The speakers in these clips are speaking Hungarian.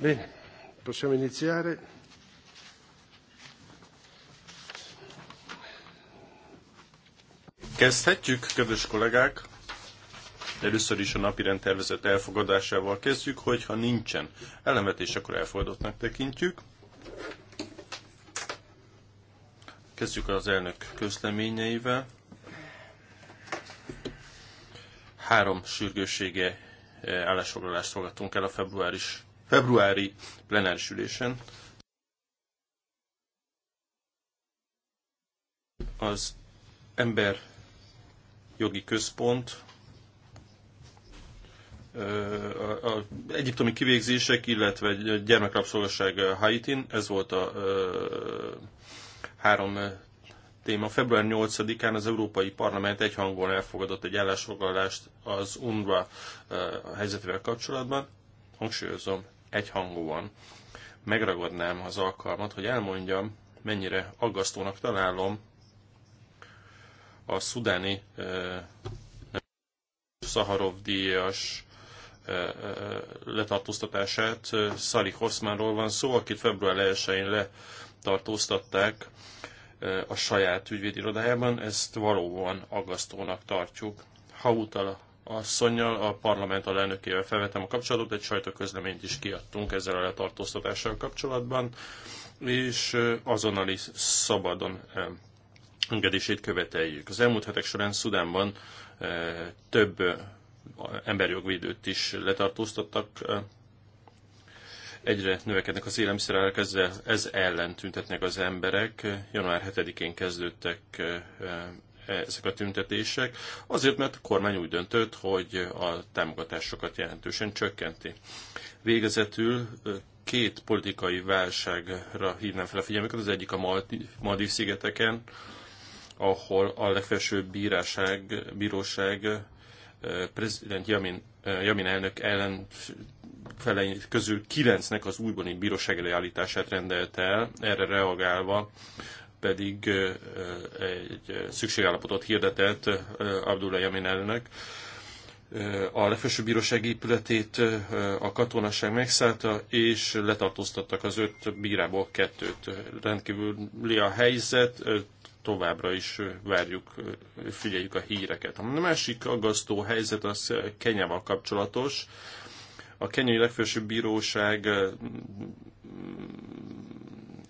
Bene, possiamo iniziare. Kezdhetjük, kedves kollégák! Először is a napi rendtervezet elfogadásával kezdjük, hogyha nincsen ellenvetés, akkor elfogadottnak tekintjük. Kezdjük az elnök közleményeivel. Három sürgősége eh, állásfoglalást fogadtunk el a februáris februári plenáris ülésen az ember jogi központ a, egyiptomi kivégzések, illetve gyermekrabszolgasság Haitin, ez volt a, a három téma. Február 8-án az Európai Parlament egyhangon elfogadott egy állásfoglalást az UNRWA helyzetével kapcsolatban. Hangsúlyozom, egyhangúan megragadnám az alkalmat, hogy elmondjam, mennyire aggasztónak találom a szudáni eh, Szaharov díjas eh, letartóztatását. Szali Hoszmánról van szó, akit február 1-én letartóztatták eh, a saját ügyvédirodájában. Ezt valóban aggasztónak tartjuk. Ha utal asszonynal, a parlament alelnökével felvettem a kapcsolatot, egy sajtóközleményt is kiadtunk ezzel a letartóztatással kapcsolatban, és azonnali szabadon engedését követeljük. Az elmúlt hetek során Szudánban több emberjogvédőt is letartóztattak, egyre növekednek az élelmiszerárak, ezzel, ez ellen tüntetnek az emberek. Január 7-én kezdődtek ezek a tüntetések, azért, mert a kormány úgy döntött, hogy a támogatásokat jelentősen csökkenti. Végezetül két politikai válságra hívnám fel a figyelmüket, az egyik a Maldív-szigeteken, ahol a legfelsőbb bíráság, bíróság prezident Jamin, Jamin elnök ellen közül kilencnek az újbóni bíróság előállítását rendelte el, erre reagálva pedig egy szükségállapotot hirdetett Abdullah Yamin elnök. A legfelsőbb bíróság épületét a katonaság megszállta, és letartóztattak az öt bírából kettőt. Rendkívüli a helyzet, továbbra is várjuk, figyeljük a híreket. A másik aggasztó helyzet az Kenyával kapcsolatos. A kenyai legfelsőbb bíróság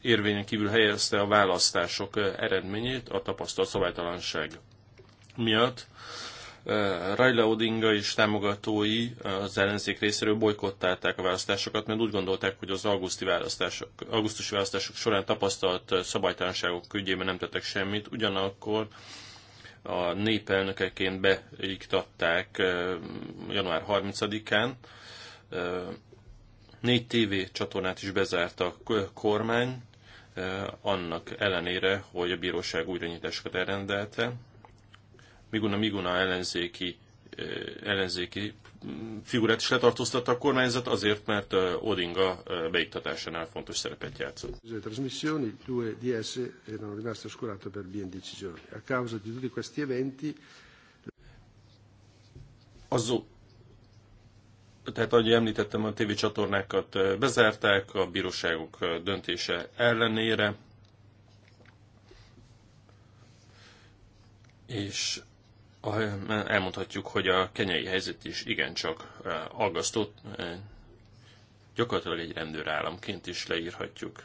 érvényen kívül helyezte a választások eredményét a tapasztalt szabálytalanság miatt. Rajla Odinga és támogatói az ellenzék részéről bolykottálták a választásokat, mert úgy gondolták, hogy az auguszti választások, augusztusi választások során tapasztalt szabálytalanságok ügyében nem tettek semmit, ugyanakkor a népelnökeként beiktatták január 30-án. Négy TV csatornát is bezárt a kormány, annak ellenére, hogy a bíróság újranyitásokat elrendelte. Miguna Miguna ellenzéki, ellenzéki figurát is letartóztatta a kormányzat azért, mert Odinga beiktatásánál fontos szerepet játszott. Le trasmissioni due di esse erano rimaste oscurate per A causa di tutti questi eventi tehát ahogy említettem, a TV csatornákat bezárták a bíróságok döntése ellenére, és elmondhatjuk, hogy a kenyai helyzet is igencsak aggasztott. gyakorlatilag egy rendőrállamként is leírhatjuk.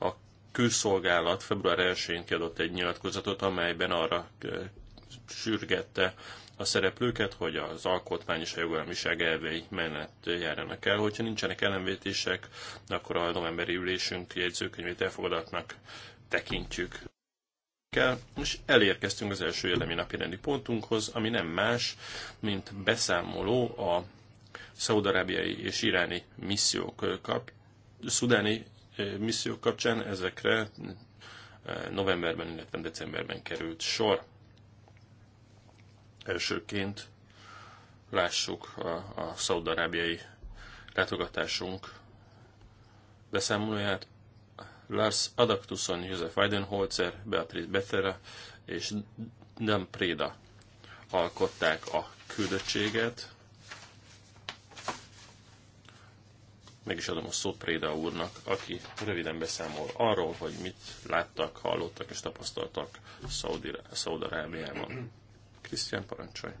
A külszolgálat február 1-én kiadott egy nyilatkozatot, amelyben arra sürgette a szereplőket, hogy az alkotmány és a jogállamiság elvei mellett járjanak el. Hogyha nincsenek ellenvétések, akkor a novemberi ülésünk jegyzőkönyvét elfogadatnak tekintjük. kell. És elérkeztünk az első jellemi napi rendi pontunkhoz, ami nem más, mint beszámoló a szaudarábiai és iráni missziók kap, szudáni eh, missziók kapcsán ezekre eh, novemberben, illetve decemberben került sor. Elsőként lássuk a, a szaudarábiai látogatásunk beszámolóját. Lars Adaktusson, József Weidenholzer, Beatrice Bethera és Dan Préda alkották a küldöttséget. Meg is adom a szót Préda úrnak, aki röviden beszámol arról, hogy mit láttak, hallottak és tapasztaltak Szaudarábiában. Christian parancsolj.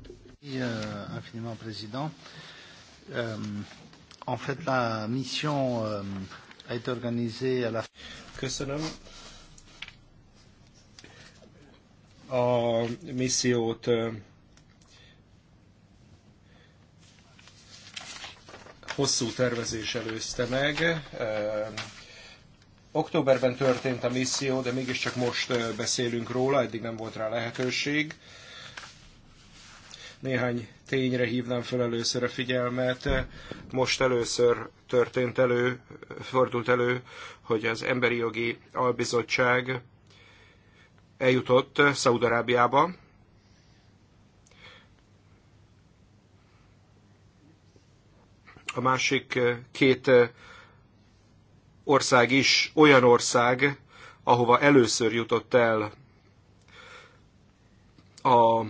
Euh, infiniment président. Euh, en fait, la mission euh, a été organisée à la... Köszönöm. A missziót hosszú tervezés előzte meg. Októberben történt a misszió, de mégiscsak most beszélünk róla, eddig nem volt rá lehetőség. Néhány tényre hívnám fel először a figyelmet. Most először történt elő, fordult elő, hogy az Emberi Jogi Albizottság eljutott Szaudarábiába, a másik két ország is olyan ország, ahova először jutott el a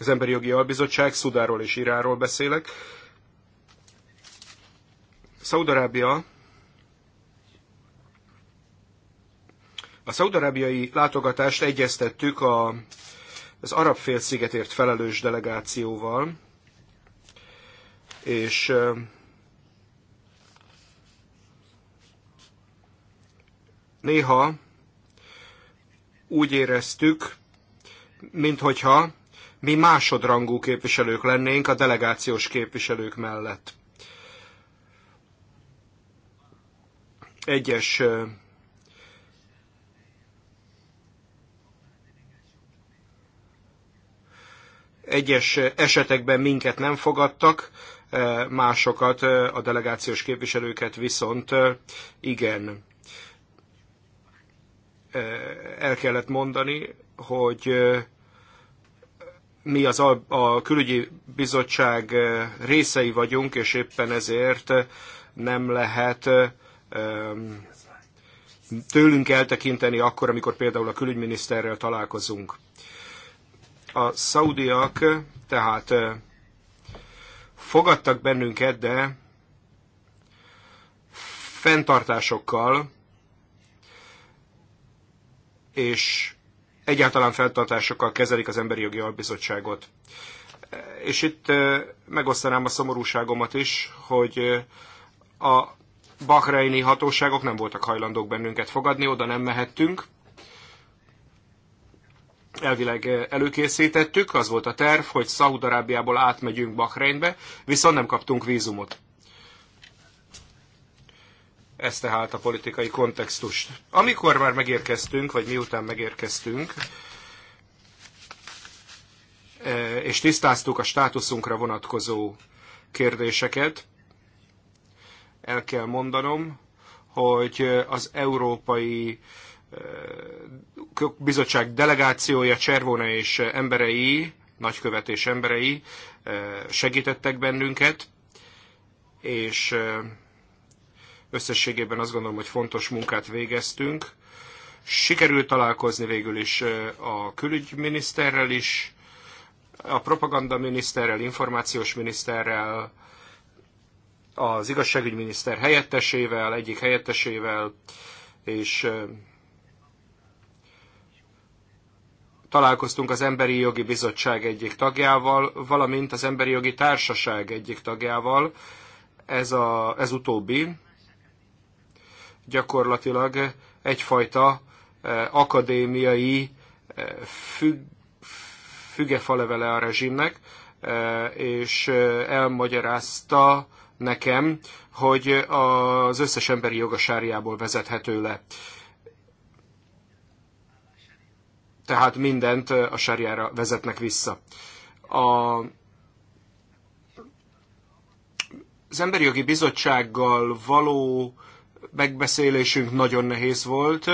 az Emberi Jogi Albizottság, Szudáról és Iráról beszélek. Szaudarábia A szaudarábiai látogatást egyeztettük a, az arab félszigetért felelős delegációval, és néha úgy éreztük, minthogyha mi másodrangú képviselők lennénk a delegációs képviselők mellett. Egyes egyes esetekben minket nem fogadtak, másokat, a delegációs képviselőket viszont igen. El kellett mondani, hogy mi az a, a külügyi bizottság eh, részei vagyunk, és éppen ezért eh, nem lehet eh, tőlünk eltekinteni akkor, amikor például a külügyminiszterrel találkozunk. A szaudiak tehát fogadtak bennünket, de fenntartásokkal, és egyáltalán feltartásokkal kezelik az Emberi Jogi Albizottságot. És itt megosztanám a szomorúságomat is, hogy a bahreini hatóságok nem voltak hajlandók bennünket fogadni, oda nem mehettünk. Elvileg előkészítettük, az volt a terv, hogy Szaúd-Arábiából átmegyünk Bahreinbe, viszont nem kaptunk vízumot ezt tehát a politikai kontextust. Amikor már megérkeztünk, vagy miután megérkeztünk, e, és tisztáztuk a státuszunkra vonatkozó kérdéseket, el kell mondanom, hogy az Európai e, Bizottság delegációja, Cservona és emberei, nagykövet és emberei e, segítettek bennünket, és Összességében azt gondolom, hogy fontos munkát végeztünk. Sikerült találkozni végül is a külügyminiszterrel is, a propagandaminiszterrel, információs miniszterrel, az igazságügyminiszter helyettesével, egyik helyettesével, és találkoztunk az Emberi Jogi Bizottság egyik tagjával, valamint az Emberi Jogi Társaság egyik tagjával, ez, a, ez utóbbi gyakorlatilag egyfajta eh, akadémiai eh, függ, fügefalevele a rezsimnek, eh, és elmagyarázta nekem, hogy az összes emberi joga vezethető le. Tehát mindent a sárjára vezetnek vissza. A, az Emberi Jogi Bizottsággal való megbeszélésünk nagyon nehéz volt.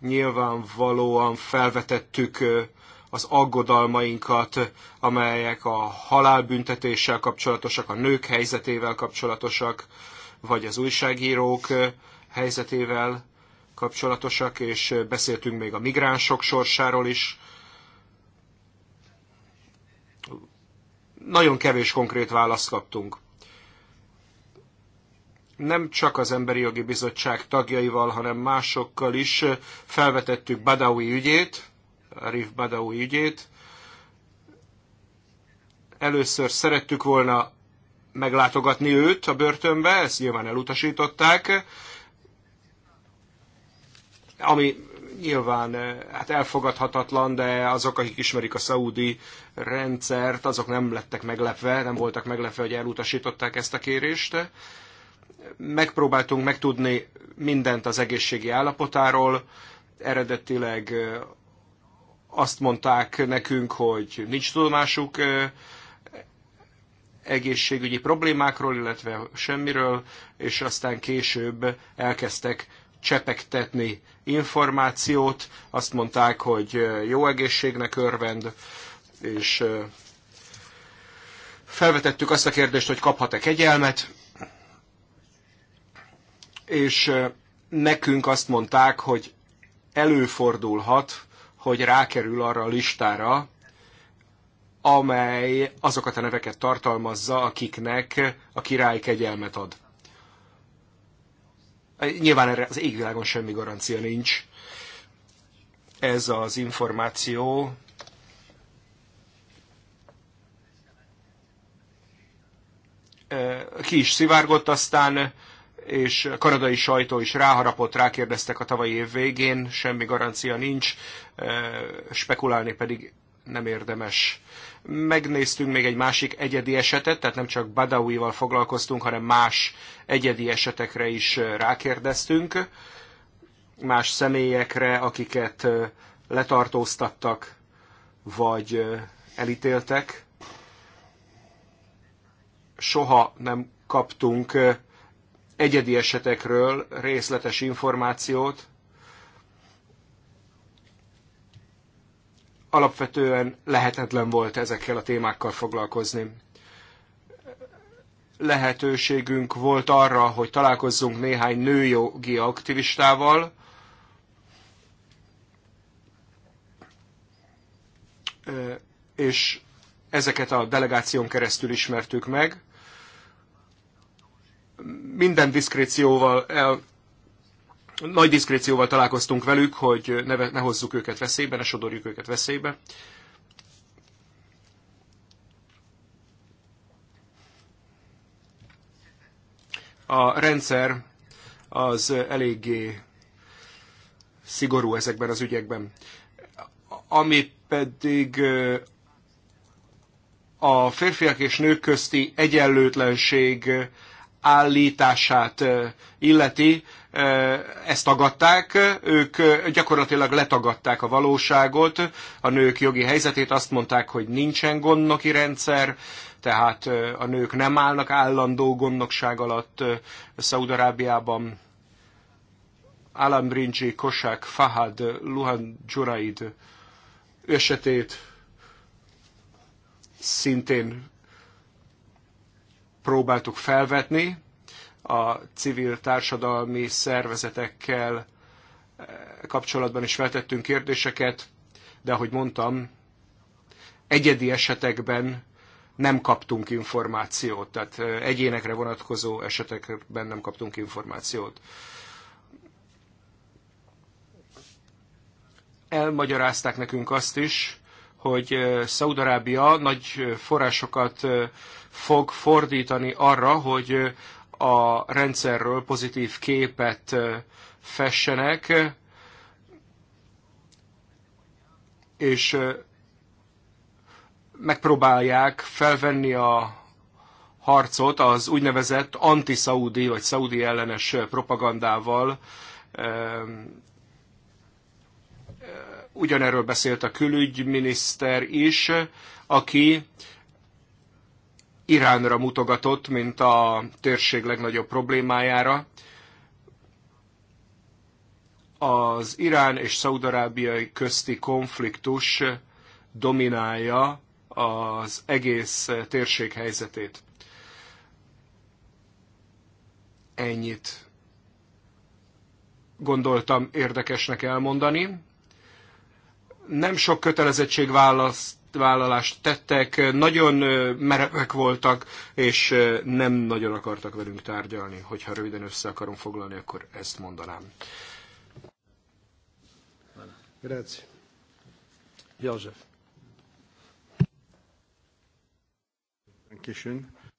Nyilvánvalóan felvetettük az aggodalmainkat, amelyek a halálbüntetéssel kapcsolatosak, a nők helyzetével kapcsolatosak, vagy az újságírók helyzetével kapcsolatosak, és beszéltünk még a migránsok sorsáról is. Nagyon kevés konkrét választ kaptunk nem csak az Emberi Jogi Bizottság tagjaival, hanem másokkal is felvetettük Badawi ügyét, Arif Badawi ügyét. Először szerettük volna meglátogatni őt a börtönbe, ezt nyilván elutasították, ami nyilván hát elfogadhatatlan, de azok, akik ismerik a szaudi rendszert, azok nem lettek meglepve, nem voltak meglepve, hogy elutasították ezt a kérést megpróbáltunk megtudni mindent az egészségi állapotáról. Eredetileg azt mondták nekünk, hogy nincs tudomásuk egészségügyi problémákról, illetve semmiről, és aztán később elkezdtek csepegtetni információt, azt mondták, hogy jó egészségnek örvend, és felvetettük azt a kérdést, hogy kaphat-e kegyelmet, és nekünk azt mondták, hogy előfordulhat, hogy rákerül arra a listára, amely azokat a neveket tartalmazza, akiknek a király kegyelmet ad. Nyilván erre az égvilágon semmi garancia nincs. Ez az információ ki is szivárgott, aztán és a kanadai sajtó is ráharapott, rákérdeztek a tavalyi év végén, semmi garancia nincs, spekulálni pedig nem érdemes. Megnéztünk még egy másik egyedi esetet, tehát nem csak Badawival foglalkoztunk, hanem más egyedi esetekre is rákérdeztünk, más személyekre, akiket letartóztattak, vagy elítéltek. Soha nem kaptunk egyedi esetekről részletes információt. Alapvetően lehetetlen volt ezekkel a témákkal foglalkozni. Lehetőségünk volt arra, hogy találkozzunk néhány nőjogi aktivistával, és ezeket a delegáción keresztül ismertük meg minden diszkrécióval el, nagy diszkrécióval találkoztunk velük, hogy ne, ne hozzuk őket veszélybe, ne sodorjuk őket veszélybe. A rendszer az eléggé szigorú ezekben az ügyekben. Ami pedig a férfiak és nők közti egyenlőtlenség állítását illeti, ezt tagadták, ők gyakorlatilag letagadták a valóságot, a nők jogi helyzetét, azt mondták, hogy nincsen gondnoki rendszer, tehát a nők nem állnak állandó gondnokság alatt Szaudarábiában. Alam Brinji, Kosák, Fahad, Luhan Juraid esetét szintén próbáltuk felvetni a civil társadalmi szervezetekkel eh, kapcsolatban is feltettünk kérdéseket, de ahogy mondtam, egyedi esetekben nem kaptunk információt, tehát eh, egyénekre vonatkozó esetekben nem kaptunk információt. Elmagyarázták nekünk azt is, hogy Szaudarábia nagy forrásokat fog fordítani arra, hogy a rendszerről pozitív képet fessenek, és megpróbálják felvenni a harcot az úgynevezett anti anti-szaudi vagy szaudi ellenes propagandával, ugyanerről beszélt a külügyminiszter is, aki Iránra mutogatott, mint a térség legnagyobb problémájára. Az Irán és Szaudarábiai közti konfliktus dominálja az egész térség helyzetét. Ennyit gondoltam érdekesnek elmondani nem sok kötelezettségvállalást tettek, nagyon merevek voltak, és nem nagyon akartak velünk tárgyalni. Hogyha röviden össze akarom foglalni, akkor ezt mondanám. Grazie. József.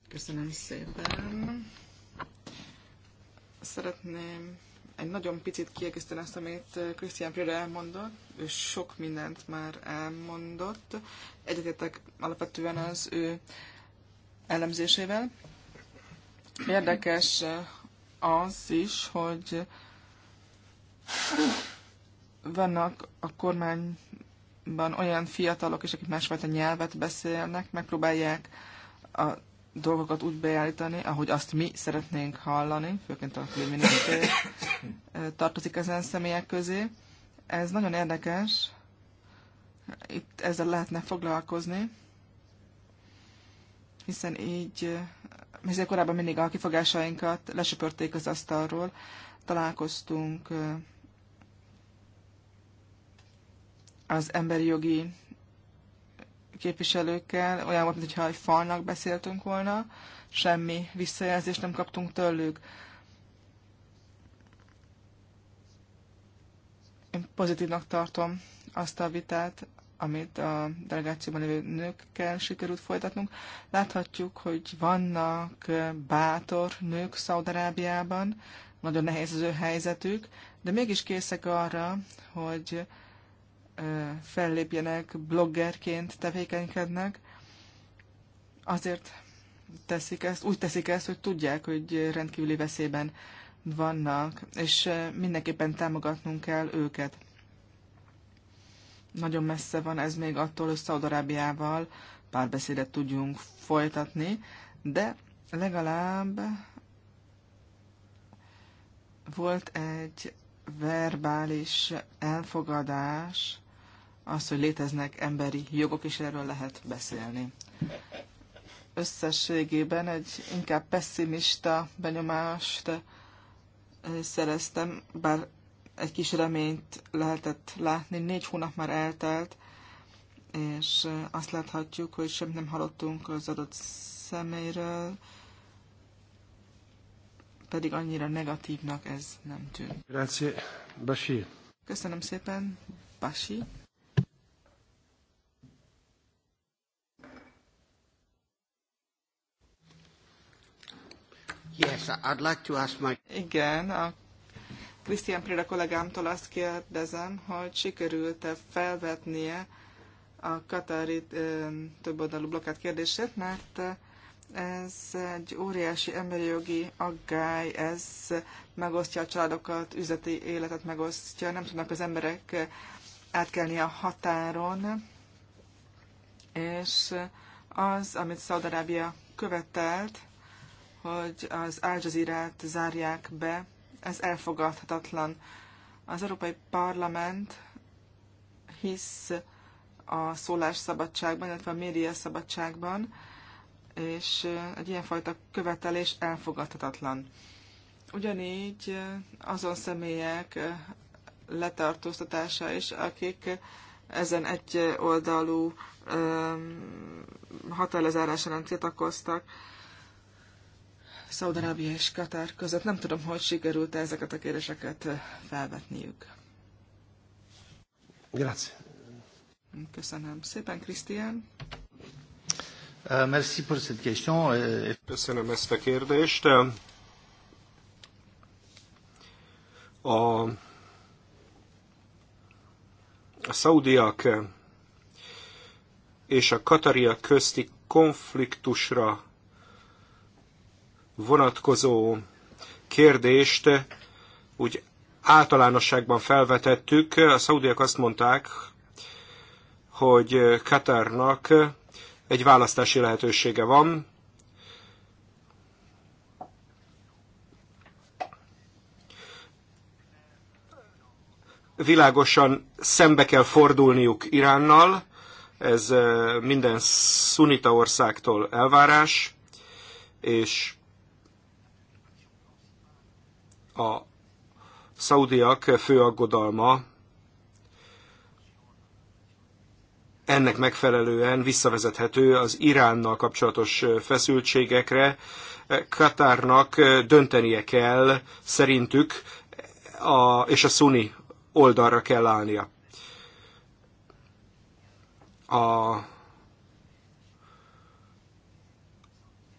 Köszönöm szépen. Szeretném egy nagyon picit kiegészíteni azt, amit eh, Christian Prira elmondott, ő sok mindent már elmondott. Egyetértek alapvetően az ő elemzésével. Érdekes eh, az is, hogy vannak a kormányban olyan fiatalok is, akik másfajta nyelvet beszélnek, megpróbálják a dolgokat úgy beállítani, ahogy azt mi szeretnénk hallani, főként a külminisztér tartozik ezen személyek közé. Ez nagyon érdekes, itt ezzel lehetne foglalkozni, hiszen így, hiszen korábban mindig a kifogásainkat lesöpörték az asztalról, találkoztunk az emberi jogi képviselőkkel, olyan volt, mintha egy falnak beszéltünk volna, semmi visszajelzést nem kaptunk tőlük. Én pozitívnak tartom azt a vitát, amit a delegációban lévő nőkkel sikerült folytatnunk. Láthatjuk, hogy vannak bátor nők Szaudarábiában, nagyon nehéz az ő helyzetük, de mégis készek arra, hogy fellépjenek, bloggerként tevékenykednek. Azért teszik ezt, úgy teszik ezt, hogy tudják, hogy rendkívüli veszélyben vannak, és mindenképpen támogatnunk kell őket. Nagyon messze van ez még attól, hogy Szaudarábiával párbeszédet tudjunk folytatni, de legalább volt egy verbális elfogadás az, hogy léteznek emberi jogok, és erről lehet beszélni. Összességében egy inkább pessimista benyomást szereztem, bár egy kis reményt lehetett látni. Négy hónap már eltelt, és azt láthatjuk, hogy semmit nem hallottunk az adott személyről, pedig annyira negatívnak ez nem tűnt. Köszönöm szépen, Basi. Yes, I'd like to ask my... Igen, a Christian Prida kollégámtól azt kérdezem, hogy sikerült-e felvetnie a Katari többoldalú blokkát kérdését, mert ez egy óriási emberi jogi aggály, ez megosztja a családokat, üzleti életet megosztja, nem tudnak az emberek átkelni a határon, és az, amit Szaudarábia követelt, hogy az Al Jazeera-t zárják be, ez elfogadhatatlan. Az Európai Parlament hisz a szólásszabadságban, illetve a média szabadságban, és egy ilyenfajta követelés elfogadhatatlan. Ugyanígy azon személyek letartóztatása is, akik ezen egy oldalú hatalmazárásának tiltakoztak, Szaudarábia és Katár között. Nem tudom, hogy sikerült -e ezeket a kérdéseket felvetniük. Grazie. Köszönöm szépen, Krisztián. Uh, merci pour cette question. Euh, Köszönöm ezt a kérdést. A, a szaudiak és a katariak közti konfliktusra vonatkozó kérdést úgy általánosságban felvetettük. A szaudiak azt mondták, hogy Katarnak egy választási lehetősége van, világosan szembe kell fordulniuk Iránnal, ez eh, minden szunita országtól elvárás, és a szaudiak fő aggodalma ennek megfelelően visszavezethető az Iránnal kapcsolatos feszültségekre. Katárnak döntenie kell szerintük, a, és a szuni oldalra kell állnia. A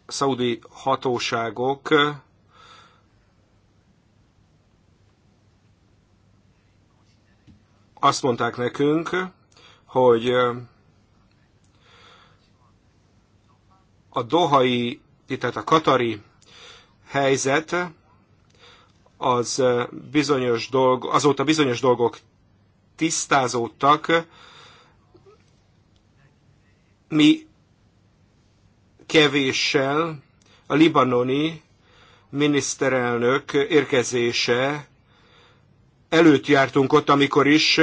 szaudi hatóságok azt mondták nekünk, hogy a dohai, tehát a katari helyzet az bizonyos dolg, azóta bizonyos dolgok tisztázódtak. Mi kevéssel a libanoni miniszterelnök érkezése előtt jártunk ott, amikor is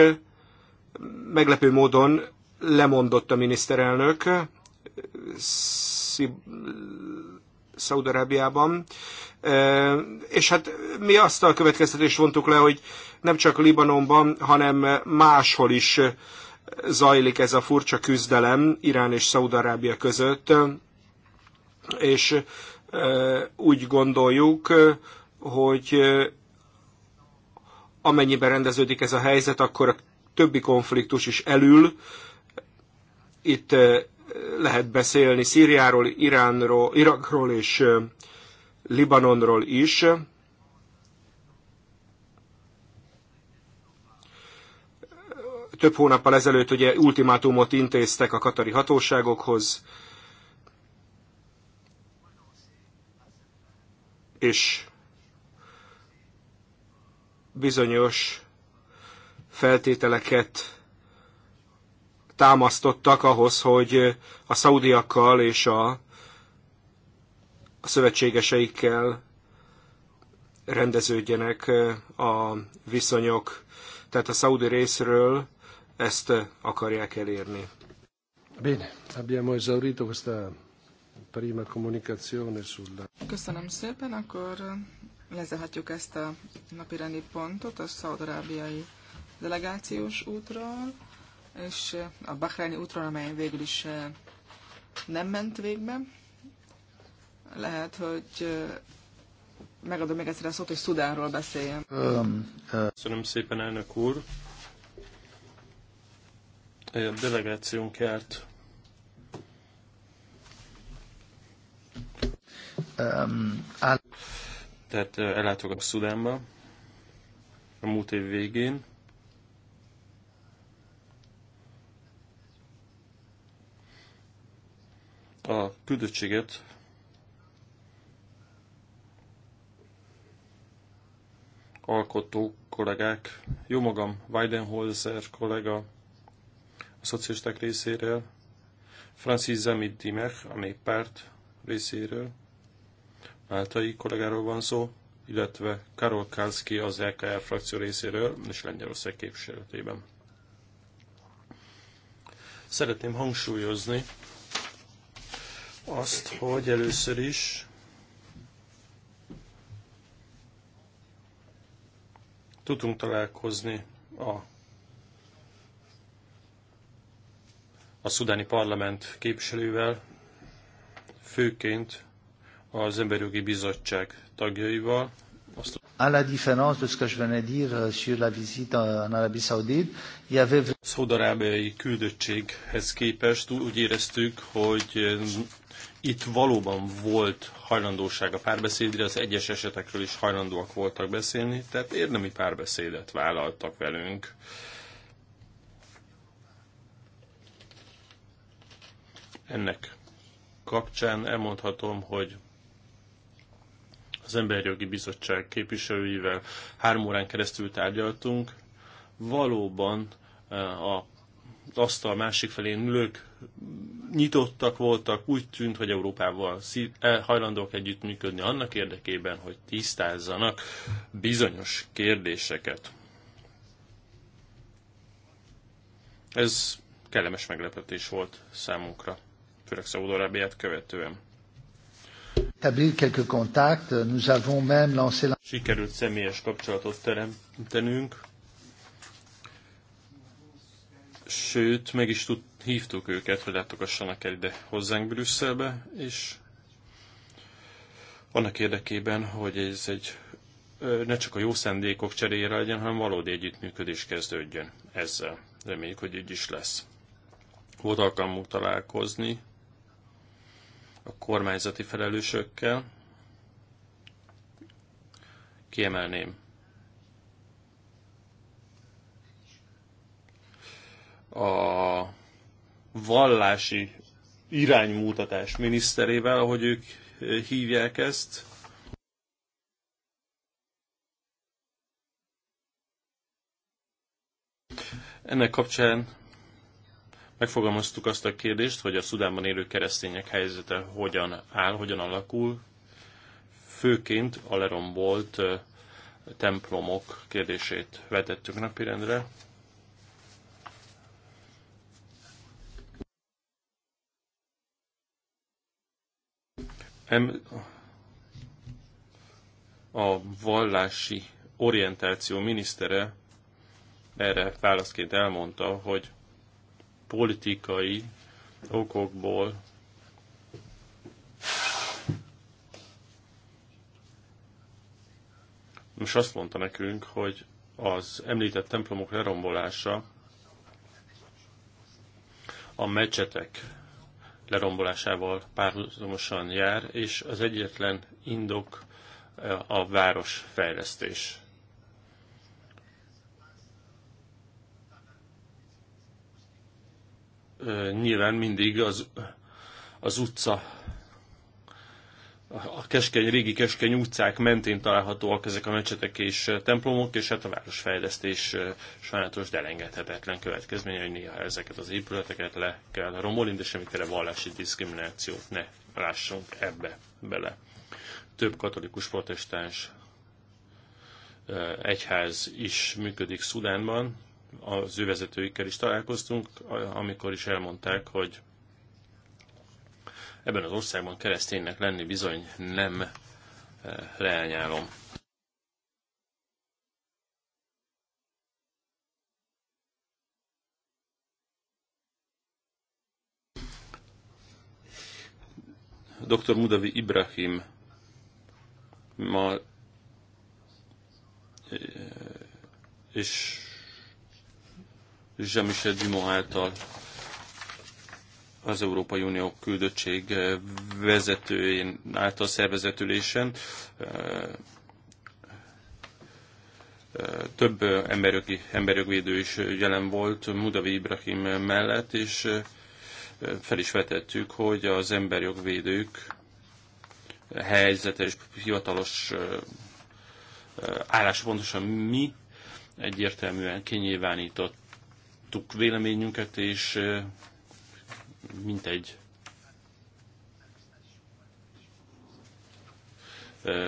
meglepő módon lemondott a miniszterelnök Szaudarábiában, és hát mi azt a következtetést vontuk le, hogy nem csak Libanonban, hanem máshol is zajlik ez a furcsa küzdelem Irán és Szaudarábia között, és úgy gondoljuk, hogy amennyiben rendeződik ez a helyzet, akkor a többi konfliktus is elül. Itt lehet beszélni Szíriáról, Iránról, Irakról és Libanonról is. Több hónappal ezelőtt ugye ultimátumot intéztek a katari hatóságokhoz, és bizonyos feltételeket támasztottak ahhoz, hogy a szaudiakkal és a, a szövetségeseikkel rendeződjenek a viszonyok. Tehát a szaudi részről ezt akarják elérni. Bene, abbiamo esaurito questa prima comunicazione sulla... Köszönöm szépen, akkor lezárhatjuk ezt a napirendi pontot a szaudarábiai delegációs útról, és a Bahreini útról, amely végül is eh, nem ment végbe. Lehet, hogy eh, megadom még egyszer a szót, hogy Szudánról beszéljem. Köszönöm szépen, elnök úr. A delegációnk járt um, tehát ellátogat Szudánba a múlt év végén. A küldöttséget alkotó kollégák, jó magam, Weidenholzer kollega a szocialisták részéről, Francis Zemid Dimech, a néppárt részéről, Máltai kollégáról van szó, illetve Karol Kánszki az LKR e frakció részéről és Lengyelország képviseletében. Szeretném hangsúlyozni azt, hogy először is tudunk találkozni a a szudáni parlament képviselővel, főként az Emberjogi Bizottság tagjaival. Azt... À la différence de ce que je venais dire euh, sur la visite en Arabie Saoudite, il y avait... Szaudarábiai küldöttséghez képest úgy éreztük, hogy eh, itt valóban volt hajlandóság a párbeszédre, az egyes esetekről is hajlandóak voltak beszélni, tehát érdemi párbeszédet vállaltak velünk. Ennek kapcsán elmondhatom, hogy az Emberjogi Bizottság képviselőivel három órán keresztül tárgyaltunk. Valóban eh, a asztal másik felén ülők nyitottak voltak, úgy tűnt, hogy Európával eh, hajlandók együttműködni annak érdekében, hogy tisztázzanak bizonyos kérdéseket. Ez kellemes meglepetés volt számunkra, főleg Szaudarábiát követően. Sikerült személyes kapcsolatot teremtenünk, sőt, meg is tud, hívtuk őket, hogy látogassanak el ide hozzánk Brüsszelbe, és annak érdekében, hogy ez egy ne csak a jó szendékok cseréjére legyen, hanem valódi együttműködés kezdődjön ezzel. Reméljük, hogy így is lesz. Volt alkalmunk találkozni a kormányzati felelősökkel. Kiemelném a vallási iránymutatás miniszterével, ahogy ők eh, hívják ezt. Ennek kapcsán Megfogalmaztuk azt a kérdést, hogy a Szudánban élő keresztények helyzete hogyan áll, hogyan alakul, főként a lerombolt templomok kérdését vetettük napirendre. a vallási orientáció minisztere erre válaszként elmondta, hogy politikai okokból most azt mondta nekünk, hogy az említett templomok lerombolása a mecsetek lerombolásával párhuzamosan jár, és az egyetlen indok eh, a városfejlesztés. nyilván mindig az, az utca, a keskeny, régi keskeny utcák mentén találhatóak ezek a mecsetek és templomok, és hát a városfejlesztés sajnálatos, de elengedhetetlen következménye, hogy néha ezeket az épületeket le kell romolni, de semmiféle vallási diszkriminációt ne lássunk ebbe bele. Több katolikus protestáns egyház is működik Szudánban, az ő vezetőikkel is találkoztunk, amikor is elmondták, hogy ebben az országban kereszténynek lenni bizony nem eh, leányálom. Dr. Mudavi Ibrahim ma eh, és Zsemise michel által az Európai Unió küldöttség eh, vezetőjén által szervezetülésen eh, eh, több emberjogi, emberjogvédő is jelen volt Mudavi Ibrahim mellett, és fel is vetettük, hogy az emberjogvédők helyzete és hivatalos állása pontosan mi egyértelműen kinyilvánított elmondtuk véleményünket, és mintegy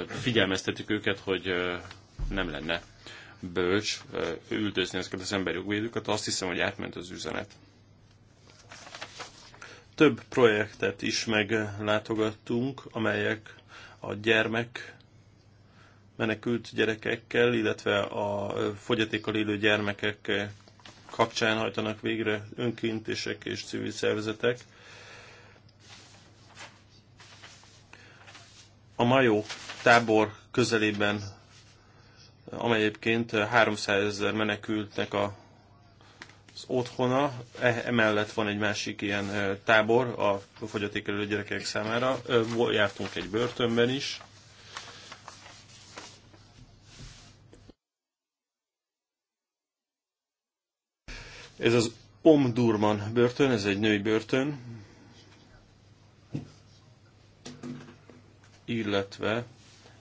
figyelmeztetik őket, hogy nem lenne bölcs üldözni ezeket az emberjogvédőket, azt hiszem, hogy átment az üzenet. Több projektet is meglátogattunk, amelyek a gyermek menekült gyerekekkel, illetve a fogyatékkal élő gyermekek kapcsán hajtanak végre önkéntések és civil szervezetek. A Majó tábor közelében, amely egyébként 300 ezer menekültnek a az otthona, e- emellett van egy másik ilyen tábor a fogyatékelő gyerekek számára. Jártunk egy börtönben is, Ez az Omdurman börtön, ez egy női börtön, illetve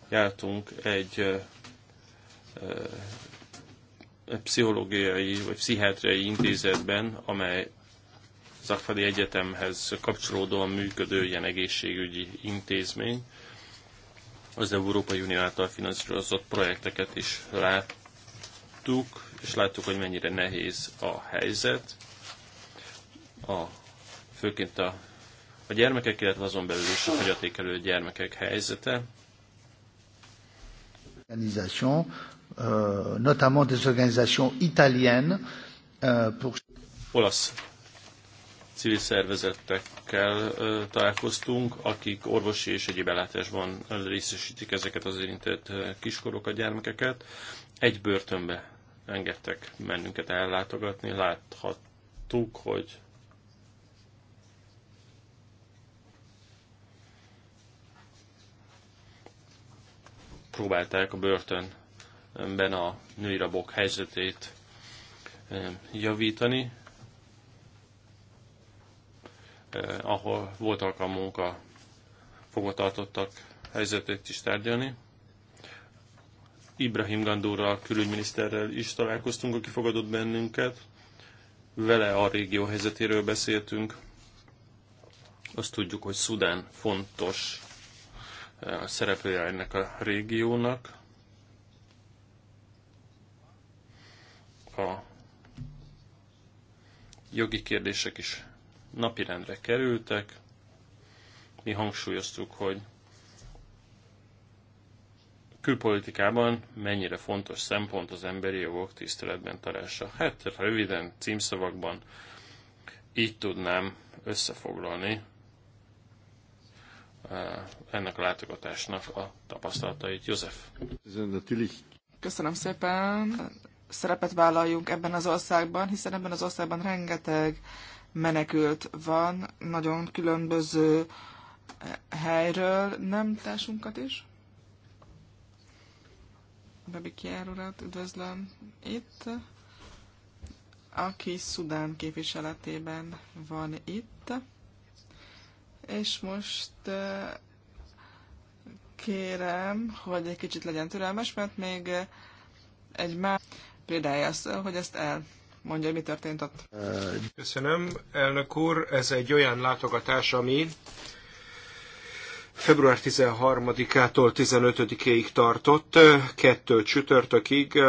jártunk egy pszichológiai vagy pszichiátriai intézetben, amely Zagfadi Egyetemhez kapcsolódóan működő ilyen egészségügyi intézmény. Az Európai Unió által finanszírozott projekteket is láttuk és láttuk, hogy mennyire nehéz a helyzet, a, főként a, a gyermekek, illetve azon belül is a fogyatékelő gyermekek helyzete. Euh, notamment des organisations italiennes, euh, pour... Olasz civil szervezetekkel euh, találkoztunk, akik orvosi és egyéb ellátásban részesítik ezeket az érintett kiskorokat, gyermekeket. Egy börtönbe engedtek mennünket ellátogatni, láthattuk, hogy próbálták a börtönben a női rabok helyzetét eh, javítani, eh, ahol volt alkalmunk a fogvatartottak helyzetét is tárgyalni. Ibrahim Gandúrral, külügyminiszterrel is találkoztunk, aki fogadott bennünket. Vele a régió helyzetéről beszéltünk. Azt tudjuk, hogy Szudán fontos eh, szereplője ennek a régiónak. A jogi kérdések is napirendre kerültek. Mi hangsúlyoztuk, hogy külpolitikában mennyire fontos szempont az emberi jogok tiszteletben tarása. Hát röviden, címszavakban így tudnám összefoglalni eh, ennek a látogatásnak a tapasztalatait. József. Köszönöm szépen. Szerepet vállaljunk ebben az országban, hiszen ebben az országban rengeteg menekült van, nagyon különböző helyről, nem társunkat is? Bebikier urat üdvözlöm itt, aki Szudán képviseletében van itt, és most kérem, hogy egy kicsit legyen türelmes, mert még egy más példája az, hogy ezt el mondja, mi történt ott. Köszönöm, elnök úr. Ez egy olyan látogatás, ami február 13-ától 15-ig tartott, kettő csütörtökig.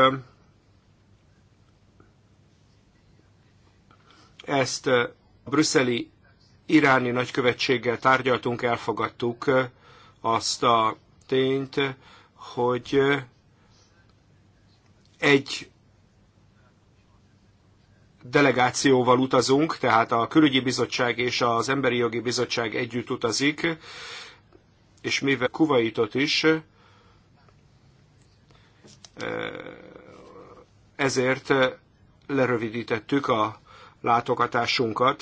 Ezt a brüsszeli iráni nagykövetséggel tárgyaltunk, elfogadtuk azt a tényt, hogy egy delegációval utazunk, tehát a Külügyi Bizottság és az Emberi Jogi Bizottság együtt utazik, és mivel Kuwaitot is, ezért lerövidítettük a látogatásunkat,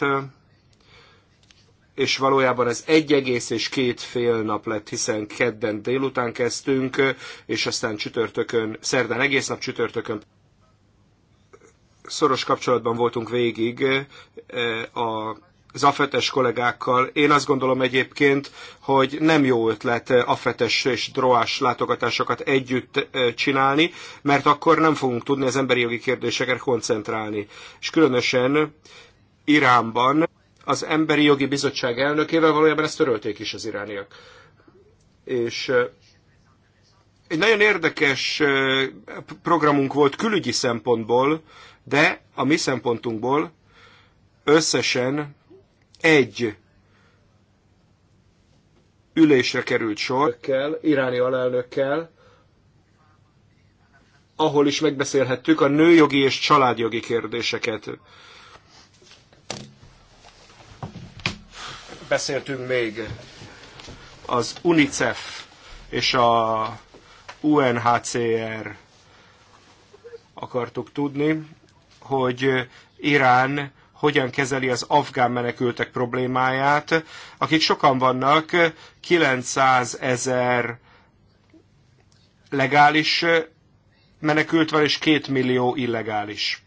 és valójában ez egy egész és két fél nap lett, hiszen kedden délután kezdtünk, és aztán csütörtökön, szerdán egész nap csütörtökön szoros kapcsolatban voltunk végig a az afetes kollégákkal. Én azt gondolom egyébként, hogy nem jó ötlet eh, afetes és droás látogatásokat együtt eh, csinálni, mert akkor nem fogunk tudni az emberi jogi kérdésekre koncentrálni. És különösen Iránban az Emberi Jogi Bizottság elnökével valójában ezt törölték is az irániak. És eh, egy nagyon érdekes programunk volt külügyi szempontból, de a mi szempontunkból összesen egy ülésre került sor iráni alelnökkel, ahol is megbeszélhettük a nőjogi és családjogi kérdéseket. Beszéltünk még az UNICEF és a UNHCR akartuk tudni, hogy Irán hogyan kezeli az afgán menekültek problémáját, akik sokan vannak, 900 ezer legális menekült van, és 2 millió illegális.